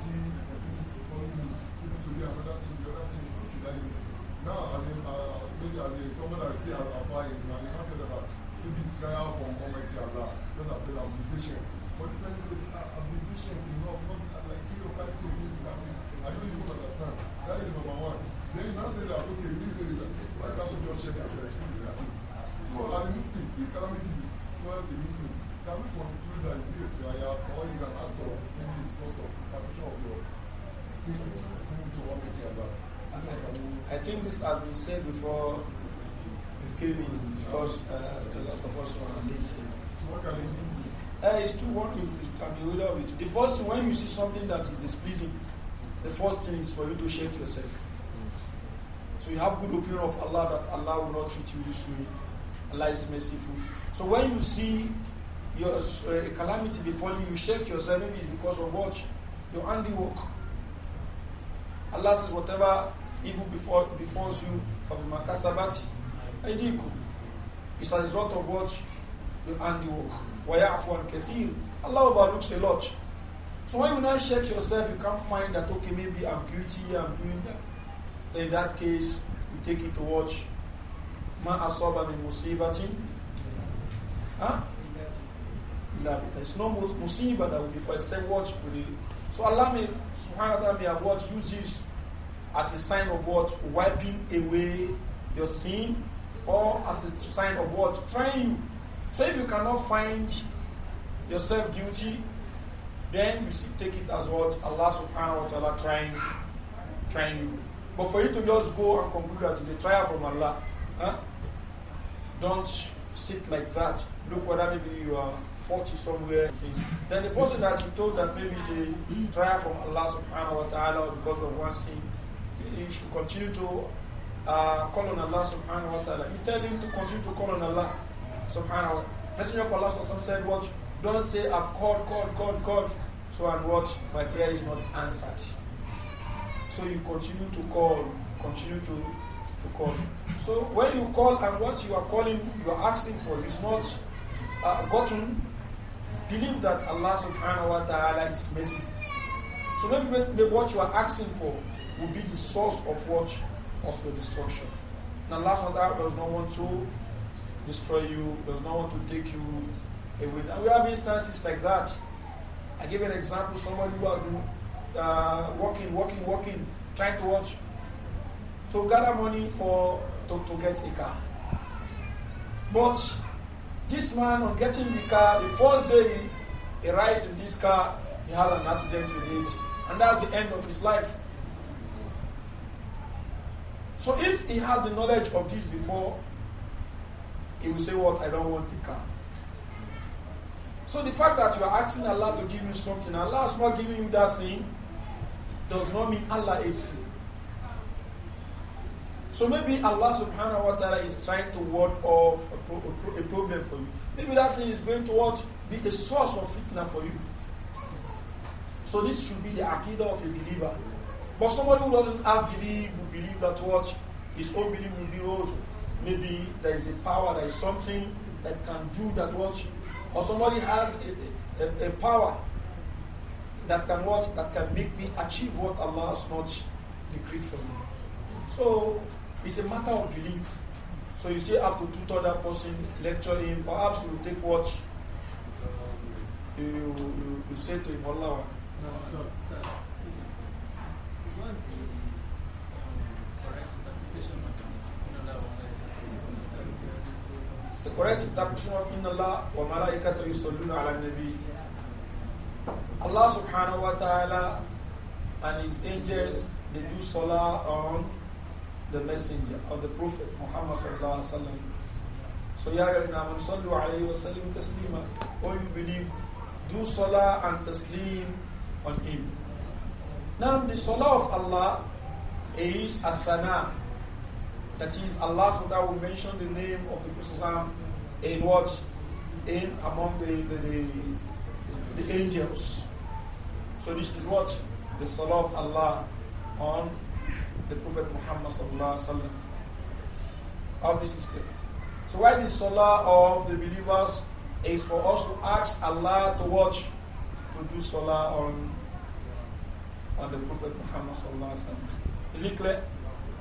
[SPEAKER 1] I think this has been said before you came in because uh, a lot of us were late here. Uh, it's too one if you can be aware of it. The first thing, when you see something that is displeasing, the first thing is for you to shake yourself. So you have good opinion of Allah that Allah will not treat you this way. Allah is merciful. So when you see your uh, calamity before you, shake yourself. Maybe it's because of what your handiwork. Allah says, whatever even before, before you from Makasabat Aidiku. It's a result of what you handiwork. Wayafu and Kathir. Allah overlooks a lot. So when you now check yourself, you can't find that, okay, maybe I'm guilty, I'm doing that. in that case, you take it to watch. Ma asaba min musibatin. Huh? It's no musibah that will be for a same watch with it. So Allah may, subhanahu wa ta'ala may have what uses as a sign of what? Wiping away your sin or as a sign of what? Trying you. So if you cannot find yourself guilty, then you see, take it as what Allah subhanahu wa ta'ala trying, trying you. But for you to just go and conclude that it's a trial from Allah, huh? don't sit like that. Look whether maybe you are faulty somewhere. Then the person that you told that maybe it's a trial from Allah subhanahu wa ta'ala because of one sin, he should continue to uh, call on Allah subhanahu wa ta'ala. You tell him to continue to call on Allah subhanahu wa ta'ala. Messenger of Allah subhanahu said, What? Don't say, I've called, called, called, called, so and what? My prayer is not answered. So you continue to call, continue to, to call. So when you call and what you are calling, you are asking for is not uh, gotten, believe that Allah subhanahu wa ta'ala is merciful. So maybe, maybe what you are asking for will be the source of what? Of the destruction. And one SWT does not want to destroy you, does not want to take you away. And we have instances like that. I give an example somebody who has been uh, working, working, working, trying to watch, to gather money for to, to get a car. But this man, on getting the car, the first day he arrives in this car, he had an accident with it, and that's the end of his life. So if he has the knowledge of this before, he will say, What? I don't want the car. So the fact that you are asking Allah to give you something, Allah is not giving you that thing, does not mean Allah hates you. So maybe Allah subhanahu wa ta'ala is trying to ward off a, pro a, pro a problem for you. Maybe that thing is going to be a source of fitna for you. So this should be the aqidah of a believer. But somebody who doesn't have belief will believe that what his own belief will be wrong. Maybe there is a power, there is something that can do that what, or somebody has a, a, a power that can what that can make me achieve what Allah has not decreed for me. So it's a matter of belief. So you still have to tutor that person, lecture him. Perhaps you take what uh, you, you, you say to him, Allah. No, correct interpretation of Inna Allah wa malaikata yusalluna ala nabi. Allah subhanahu wa ta'ala and his angels, they do salah on the messenger, on the prophet Muhammad الله عليه وسلم. So ya ayyuhallazina sallu alayhi wa sallim taslima. All you believe, do salah and taslim on him. Now the salah of Allah is as-sana. That is, Allah subhanahu will mention the name of the Prophet in what? In among the, the, the, the angels. So this is what? The Salah of Allah on the Prophet Muhammad Sallallahu Alaihi Wasallam. How this is clear. So why the Salah of the believers is for us to ask Allah to watch, to do Salah on, on the Prophet Muhammad Sallallahu Alaihi Wasallam. Is it clear?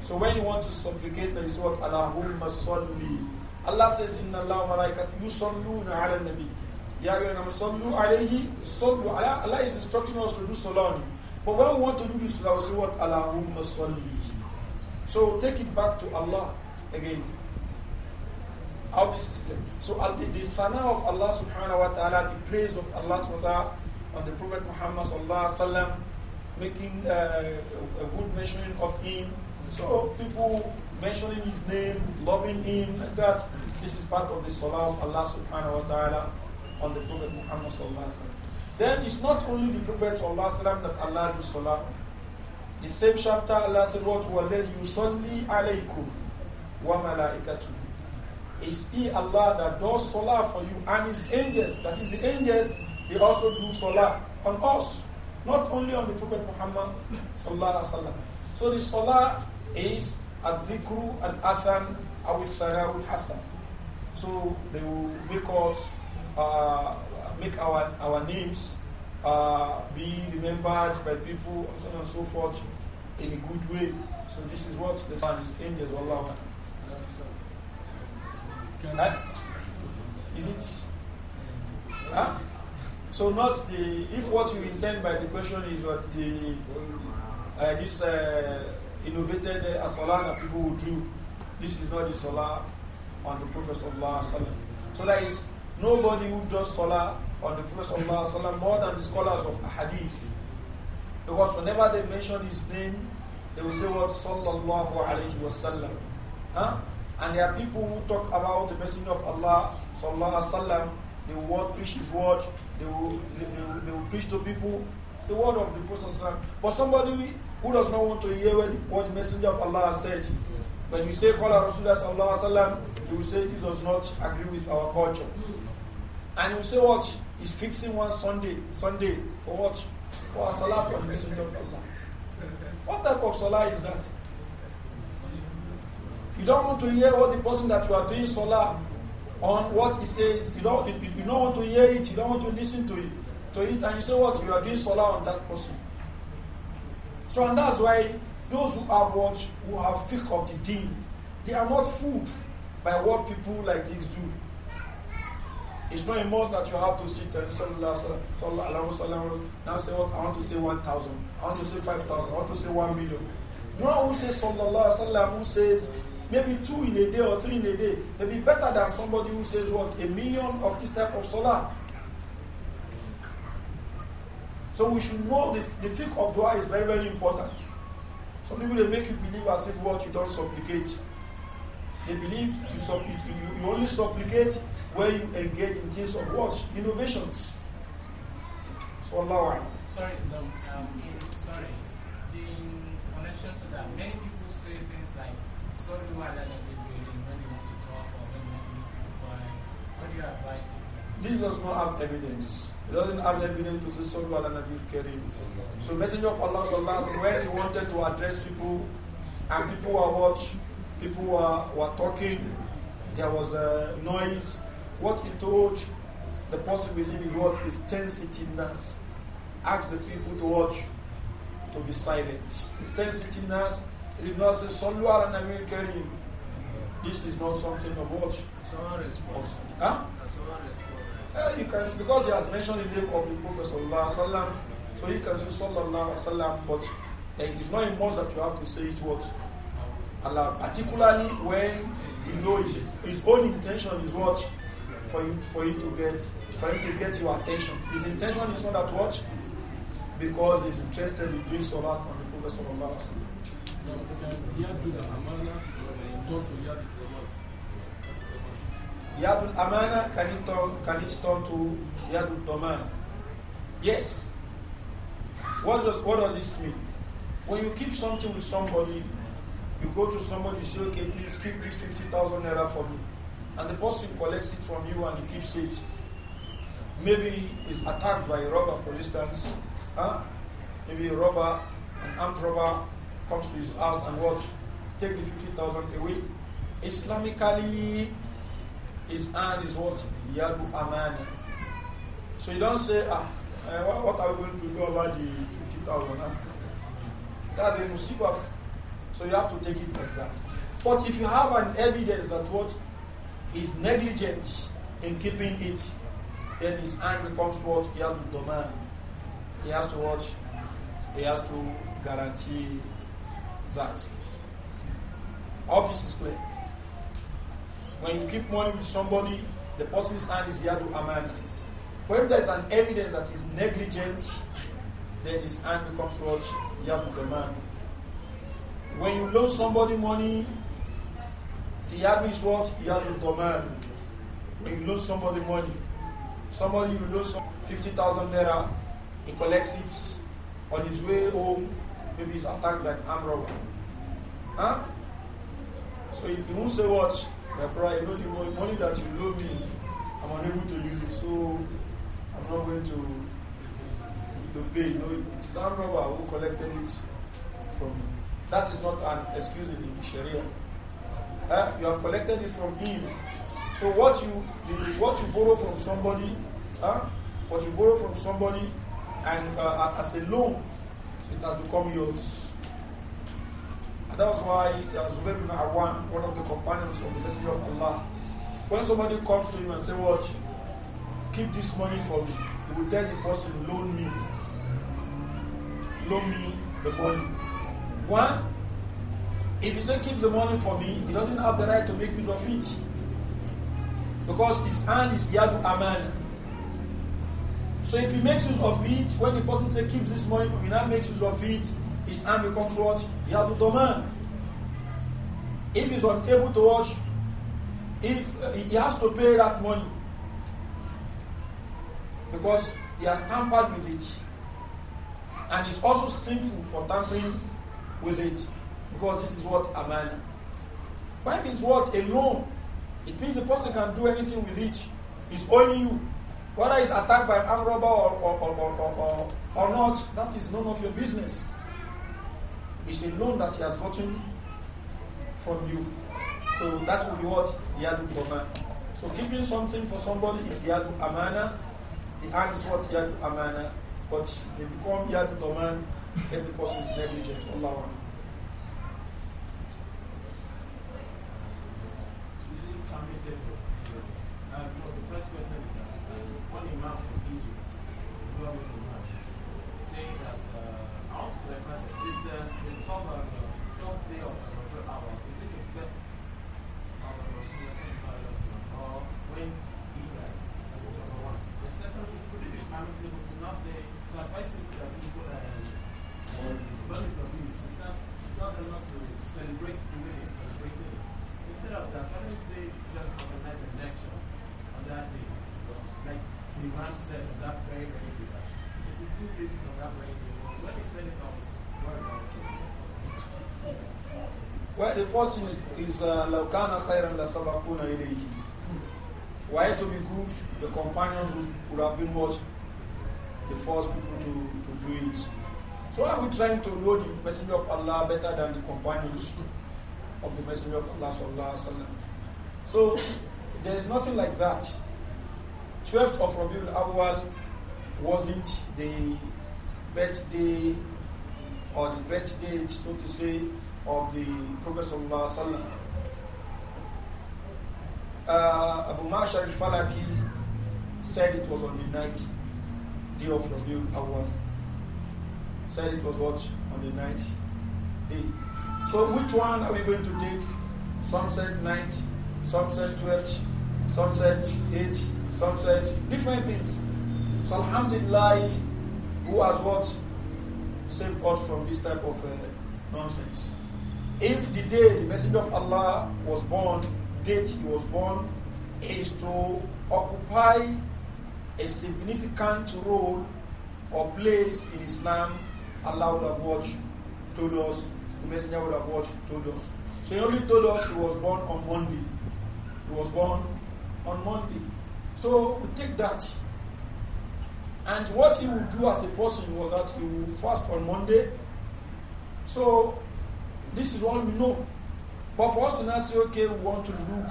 [SPEAKER 1] So when you want to supplicate, there is what? Allahumma salli Allah says, Inna Allah malaikat yusalluna ala nabi. Ya ayyuhanam sallu alayhi, sallu Allah is instructing us to do salat. But when we want to do this, we say what? Allahumma salli. So take it back to Allah again. How this is clear. So uh, the, the fana of Allah subhanahu wa ta'ala, the praise of Allah subhanahu wa ta'ala on the Prophet Muhammad sallallahu wa wasallam, making uh, a good mention of him. So people mentioning his name, loving him, that. This is part of the salah of Allah subhanahu wa ta'ala on the Prophet Muhammad sallallahu alayhi wa Then it's not only the Prophet sallallahu alayhi wa that Allah does salah. The same chapter Allah said, What وَالَّذِي يُصَلِّي عَلَيْكُمْ وَمَلَائِكَتُهُ It's He, Allah, that does salah for you and His angels, that is the angels, they also do salah on us, not only on the Prophet Muhammad sallallahu alayhi wa So the salah is al-dhikru al-atham aw al hasan so they will make us uh, make our our names uh, be remembered by people and so on and so forth in a good way so this is what the sun is angels Allah huh? is it huh? so not the if what you intend by the question is what the uh, this uh, innovated eh, a salah that people will do. This is not the salah on the Prophet sallallahu So there is nobody who does salah on the Prophet sallallahu more than the scholars of hadith. Because whenever they mention his name, they will say what sallallahu alaihi wasallam. Huh? And there are people who talk about the messenger of Allah sallallahu alaihi wasallam. They will preach his word. They will, they, they, will, they will preach to people the word of the Prophet sallallahu But somebody who does not want to hear what the, what the Messenger of Allah has said? When you say call Rasulullah Sallallahu Alaihi Wasallam, you will say this does not agree with our culture. And you say what? He's fixing one Sunday, Sunday, for what? For a salah from the Messenger of Allah. What type of salah is that? You don't want to hear what the person that you are doing salah on what he says. You don't you, you don't want to hear it. You don't want to listen to it. To it, and you say what you are doing salah on that person. So and that's why those who have what who have fiqh of the deen, they are not fooled by what people like this do. It's not enough that you have to sit and now say what I want to say one thousand, I want to say five thousand, I want to say one million. No one who says sallallahu alaihi who says maybe two in a day or three in a day they'll be better than somebody who says what a million of this type of salah so we should know the, the fiqh of dua is very, very important. Some people they make you believe as if what you don't supplicate. They believe you, you, you only supplicate where you engage in things of what? Innovations. So Allah. Sorry, no, um, sorry. In connection to that, many people say things
[SPEAKER 2] like, sorry, why that when you want to talk or when you want to make What do
[SPEAKER 1] you advise people? This does not have evidence. He doesn't have evidence to say Sallu ala Nabi Kareem. So Messenger of Allah sallallahu when he wanted to address people and people were watch, People were, were talking, there was a noise. What he told the person with him is what is ten sittingness. Ask the people to watch, to be silent. It's ten sittingness. It is not say Sallu ala Nabi Kareem. This is not something of watch. It's our response. Huh? It's our response. Uh, you can because he has mentioned the name of the Prophet sallallahu alaihi wasallam, so he can say sallallahu alaihi wasallam, but it's not in must that you have to say it what Allah, uh, particularly when you know his, his own intention is what for you for you to get for him to get your attention. His intention is not that what because he's interested in doing salat on the Prophet sallallahu alaihi wasallam. Yadul Amana, can it turn, can it turn to Yadul Doman? Yes. What does, what does this mean? When you keep something with somebody, you go to somebody, you say, okay, please keep this 50,000 naira for me. And the person collects it from you and he keeps it. Maybe he's attacked by a robber, for instance. Huh? Maybe a robber, an armed robber, comes to his house and what? Take the 50,000 away. Islamically, his hand is what? Yadu Amani. So you don't say, ah, uh, what are we going to do about the 50,000? That's a musibah. So you have to take it like that. But if you have an evidence that what is negligent in keeping it, then his hand becomes what? Yadu Doman. He has to watch. He has to guarantee that. All this is clear. When you keep money with somebody, the person's hand is Yadu aman. But if there's an evidence that is negligent, then his hand becomes what? Yadu aman. When you loan somebody money, the Yadu is what? Yadu Amani. When you loan somebody money, somebody you loan some 50,000 naira, he collects it on his way home, maybe he's attacked by an armed robber. Huh? So he won't say what? My prior, you know, the money that you loan me, I'm unable to use it, so I'm not going to to pay. You know, it is armed robber who collected it from you. That is not an excuse in Sharia. Uh, you have collected it from him. So what you what you borrow from somebody, huh? Eh? what you borrow from somebody, and uh, as a loan, so it has become yours. And that's why uh, Zubair ibn Awan, one of the companions of the Messenger of Allah, when somebody comes to him and say, Watch, keep this money for me, he will tell the person, Loan me. Loan me the money. One, if he say keep the money for me, he doesn't have the right to make use of it. Because his hand is Yadu Aman. So if he makes use of it, when the person says keep this money for me, now makes use of it, his hand becomes what? to demand. If he's unable to watch, if uh, he has to pay that money because he has tampered with it. And it's also sinful for tampering with it because this is what man. Why means what? A loan. It means the person can do anything with it. It's owing you. Whether it's attacked by an armed robber or, or, or, or, not, that is none of your business. It's a loan that he has gotten from you. So that will be what? Yadu Aman. So giving something for somebody is Yadu Amana. The act is what? Yadu Amana. But they become Yadu Doman if the person is negligent. Allah.
[SPEAKER 2] said that do this that
[SPEAKER 1] Well, the first thing is, is uh, لو la خيرا لسبقونا إليه. Why to be good, the companions would, would have been what? The first people to, to do it. So are we trying to know the Messenger of Allah better than the companions of the Messenger of Allah? So there is nothing like that. 12th of Rabiul Awal wasn't the birthday or the birth date, so to say, of the Prophet Sallallahu uh, Abu Mashar al-Falaki said it was on the night, day of Rabiul Awal. Said it was what? On the night, day. So which one are we going to take? Some said night, some said 12th, some said 8th, some said different things. So Alhamdulillah, who has what? Saved us from this type of uh, nonsense. If the day the Messenger of Allah was born, date he was born, is to occupy a significant role or place in Islam, Allah would have watched, told us, the Messenger would have watched, told us. So he only told us he was born on Monday. He was born on Monday. So we take that. And what he would do as a person was that he would fast on Monday. So this is all we know. But for us to now say, okay, we want to look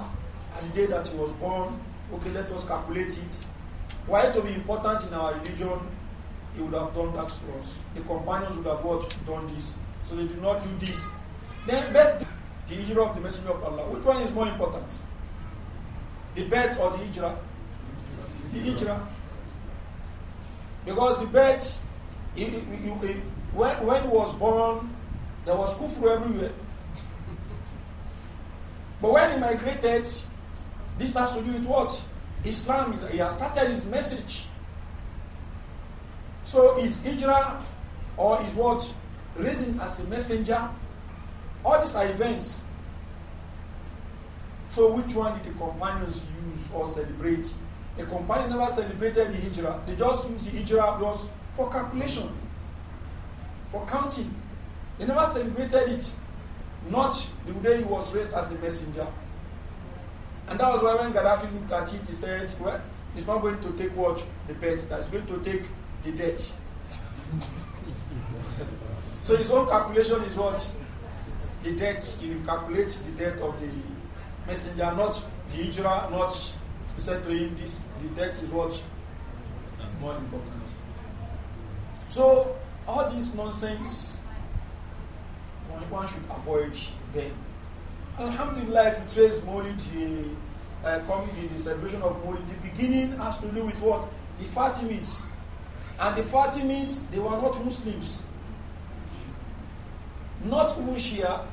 [SPEAKER 1] at the day that he was born, okay, let us calculate it. Why to be important in our religion, he would have done that for us. The companions would have what done this. So they do not do this. Then birth the hijrah of the messenger of Allah. Which one is more important? The birth or the hijrah? the Because the bet, he, he, he, when, when he was born, there was kufru everywhere. But when he migrated, this has to do with what? Islam, is, he has started his message. So is ijra, or is what? Raising as a messenger. All these are events. So which one did the companions use or celebrate? The company never celebrated the hijrah. They just used the hijrah just for calculations, for counting. They never celebrated it, not the day he was raised as a messenger. And that was why when Gaddafi looked at it, he said, well, he's not going to take what? The bets. That's going to take the debt. so his own calculation is what? The debt. He calculates the debt of the messenger, not the hijrah, not he said to him, this, the debt is what? More important. So, all this nonsense, one should avoid them. Alhamdulillah, if you trace Molid, the uh, coming the celebration of Molid, the beginning has to do with what? The Fatimids. And the Fatimids, they were not Muslims. Not even Shia.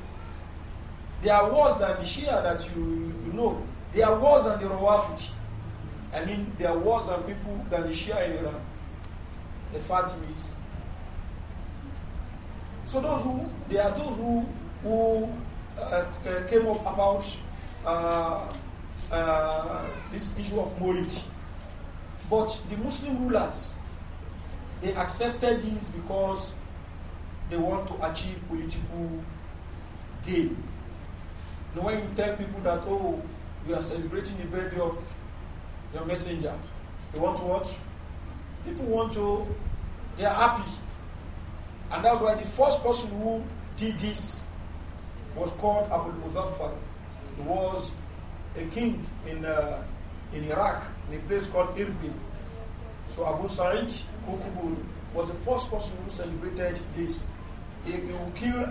[SPEAKER 1] They are worse than the Shia that you, you know. There are wars on the Rawafid. I mean, there are wars on people than the Shia in Iran, the Fatimids. So those who, there are those who, who uh, uh came up about uh, uh, this issue of morality. But the Muslim rulers, they accepted this because they want to achieve political gain. You know, when you tell people that, oh, we are celebrating the birthday of your messenger. They want to watch. People want to, they are happy. And that's why the first person who did this was called Abu Muzaffar. He was a king in, uh, in Iraq, in a place called Irbil. So Abu Sa'id Kukubul was the first person who celebrated this. He, he killed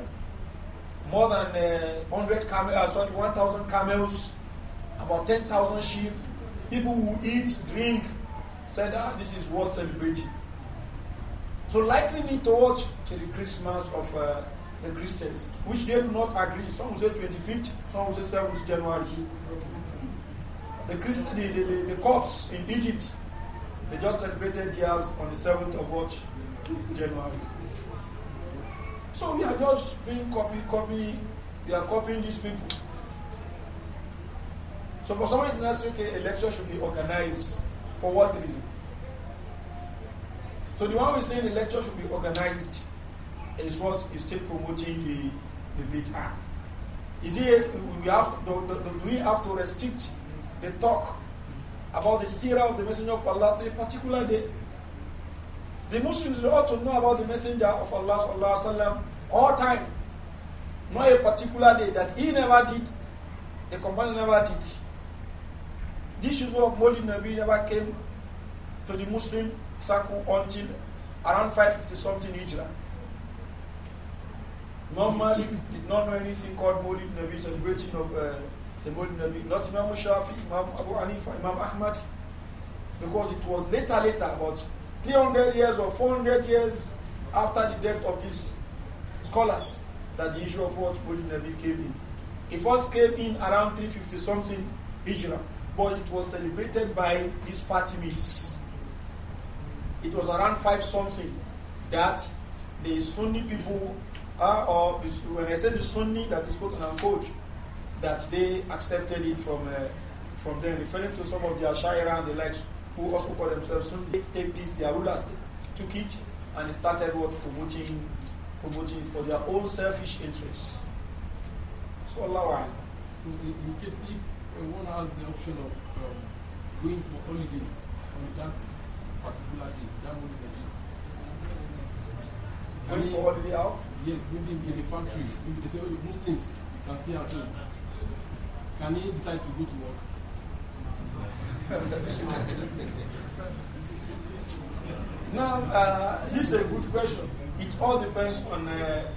[SPEAKER 1] more than uh, 100 uh, camels, sorry, 1,000 camels about 10,000 sheep. People who eat, drink, said, ah, this is worth celebrating. So likely need to watch to the Christmas of uh, the Christians, which they do not agree. Some will say 25th, some will say 7th January. The, Christ, the, the, the, the corpse in Egypt, they just celebrated theirs on the 7th of what? January. So we are just being copy, copy, we are copying these people. So for someone in Nasrik, a lecture should be organized. For what reason? So the one who is saying the lecture should be organized is what is still promoting the, the bid'ah. Is it we have to, do, do, do, we have to restrict the talk about the seerah of the Messenger of Allah to a particular day? The Muslims ought to know about the Messenger of Allah وسلم, all time, not a particular day that he never did, the companion never did. This issue of Maulid Nabi never came to the Muslim circle until around 550 something Hijrah. Imam Malik did not know anything called Maulid Nabi, celebrating of uh, the Maulid Nabi. Not Imam Shafi, Imam Abu Imam Ahmad, because it was later, later, about 300 years or 400 years after the death of these scholars that the issue of what Maulid Nabi came in. It first came in around 350 something Hijrah but it was celebrated by these Fatimids. It was around five something that the Sunni people, are. Uh, or when I say the Sunni, that is quote unquote, that they accepted it from uh, from them, referring to some of the Ashaira and the likes who also call themselves Sunni. They take this, their rulers took it and they started what promoting promoting it for their own selfish interests. So Allah. So in, in case if one has the option of um, going for holiday on that particular day, that holiday day. Going for holiday out? Yes, maybe in the factory. Maybe they say, oh, Muslims, can stay at home. Can he decide to go to work? now, uh, this is a good question. It all depends on uh,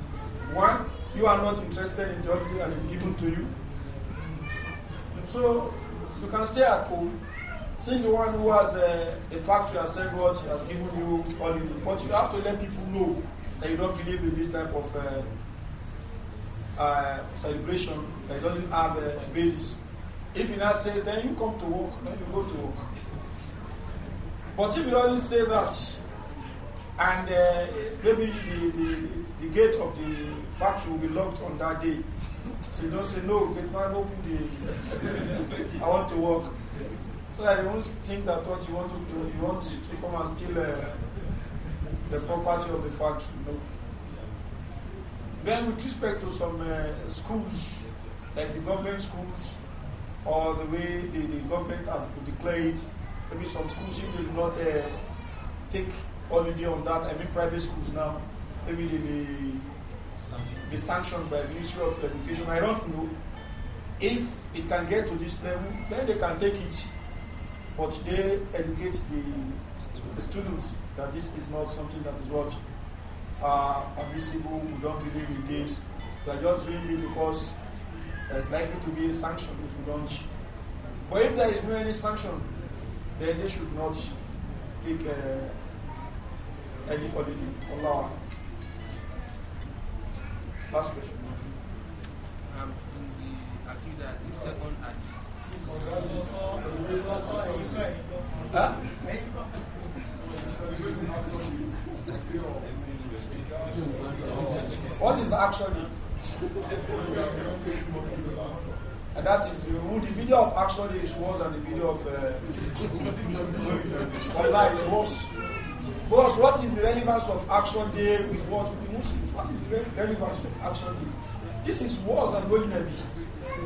[SPEAKER 1] one, you are not interested in the holiday and it's given to you. So you can stay at home. Since the one who has a, eh, a factory has said God has given you but you have to let people know that you don't believe in this type of uh, uh, celebration that doesn't have a basis. If he now says, then you come to work, then you go to work. But if he doesn't say that, and uh, maybe the, the, the gate of the factory will be locked on that day, you don't say, no, get man, open the, I want to work. So that you won't think that what you want to do, you want to come and steal uh, the property of the factory. No. Then with respect to some uh, schools, like the government schools, or the way the, the government has declared, maybe some schools even will not uh, take holiday on that. I mean private schools now, maybe they, they be sanctioned by the Ministry of Education. I don't know. If it can get to this level, then they can take it. But they educate the, students that this is not something that is what uh, admissible. We don't believe in this. We are just doing it because there's likely to be a sanction if we don't. But if there is no any sanction, then they should not take uh, any holiday. Allah. Last question. Um, in the Akida, the second Huh? What is actually? and that is the video of actually is worse than the video of uh, Allah is worse. Because what is the relevance of Action Day with what with the Muslims? What is the relevance of Action Day? This is worse than going heavy.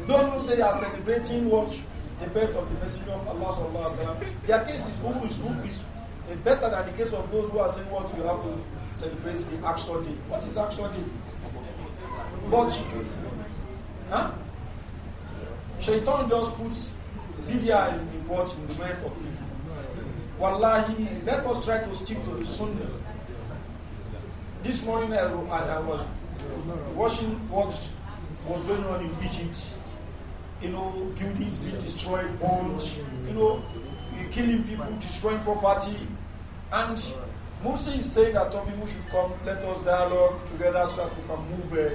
[SPEAKER 1] Those who say they are celebrating what the birth of the Messenger of Allah sallallahu alaihi wasallam, their case is who is who is eh, better than the case of those who are saying what we have to celebrate the Action Day. What is Action Day? But huh? Shaitan just puts media in what in the mind of people. Wallahi, let us try to stick to the Sunnah. This morning I, I, was watching what was going on in Egypt. You know, buildings being destroyed, bombs, you know, killing people, destroying property. And Musi is saying that some people should come, let us dialogue together so that we can move uh,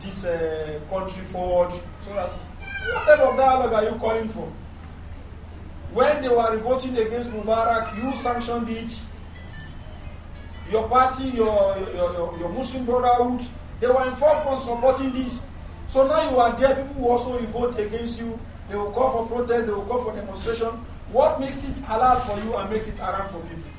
[SPEAKER 1] this uh, country forward. So that, what type of dialogue are you calling for? When they were revolting against Mubarak, you sanctioned it. Your party, your, your, your, your Muslim Brotherhood, they were in forefront supporting this. So now you are there, people who also revolt against you. They will call for protests. they will call for demonstration. What makes it halal for you and makes it haram for people?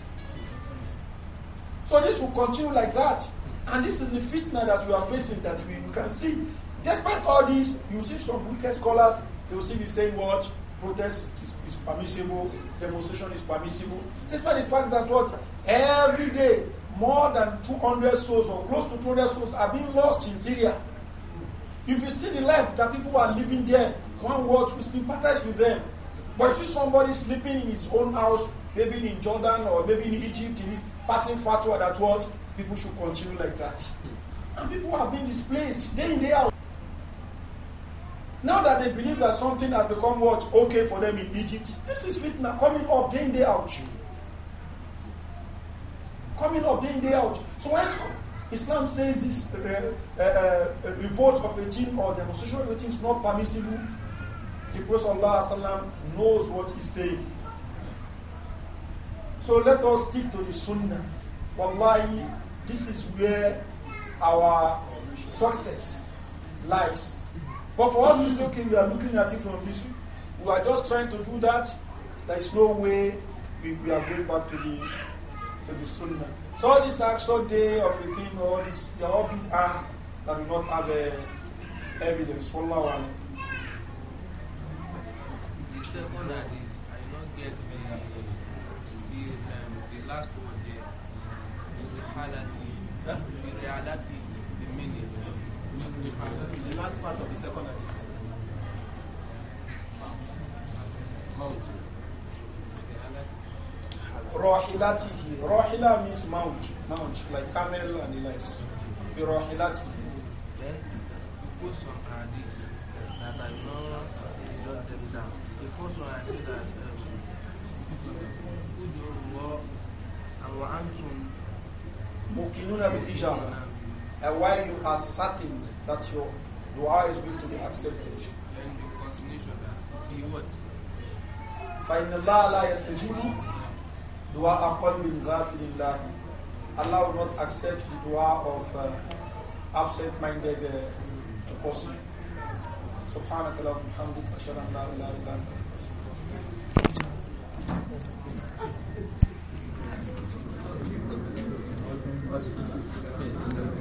[SPEAKER 1] So this will continue like that. And this is the fitna that we are facing that we, we can see. Despite all this, you see some wicked scholars, they will still be saying what? protest is, is, permissible, demonstration is permissible, despite the fact that what every day more than 200 souls or close to 200 souls are being lost in Syria. If you see the life that people are living there, one word to sympathize with them. But if you see somebody sleeping in his own house, maybe in Jordan or maybe in Egypt, in he's passing fatwa that what people should continue like that. And people are being displaced day in, day out. Now that they believe that something has become what okay for them in Egypt, this is fitna coming up day in day out. Coming up day in day out. So when Islam says this uh, uh, uh, uh revolt of a team or demonstration of a team is not permissible, the Prophet Allah knows what he's saying. So let us stick to the Sunnah. Wallahi, this is where our success lies. But for us to say, okay, we are looking at it from this, we are just trying to do that, there is no way we, we are going back to the to the sunnah. So this actual day of the thing, all this, they all beat bid'ah that do not have eh, evidence. Wallahu alam. The second that is, I do
[SPEAKER 3] not get
[SPEAKER 2] the the, um, the last one there, the reality,
[SPEAKER 1] the reality the last part of the second mount. Rahilatihi. Rahila means mount, mount, like camel and the likes. Rahilatihi. Then, put some hadith that I know is not them down. The first one I said that, um, and وأنتم مؤمنون bidijam. and while you are certain that your dua is going to be accepted. And in continuation that the what? فإن الله لا يستجيب دعاء قلب غافل الله Allah will not accept the dua of uh, absent-minded uh, person. سبحانك اللهم وبحمدك أشهد أن لا إله
[SPEAKER 2] إلا أنت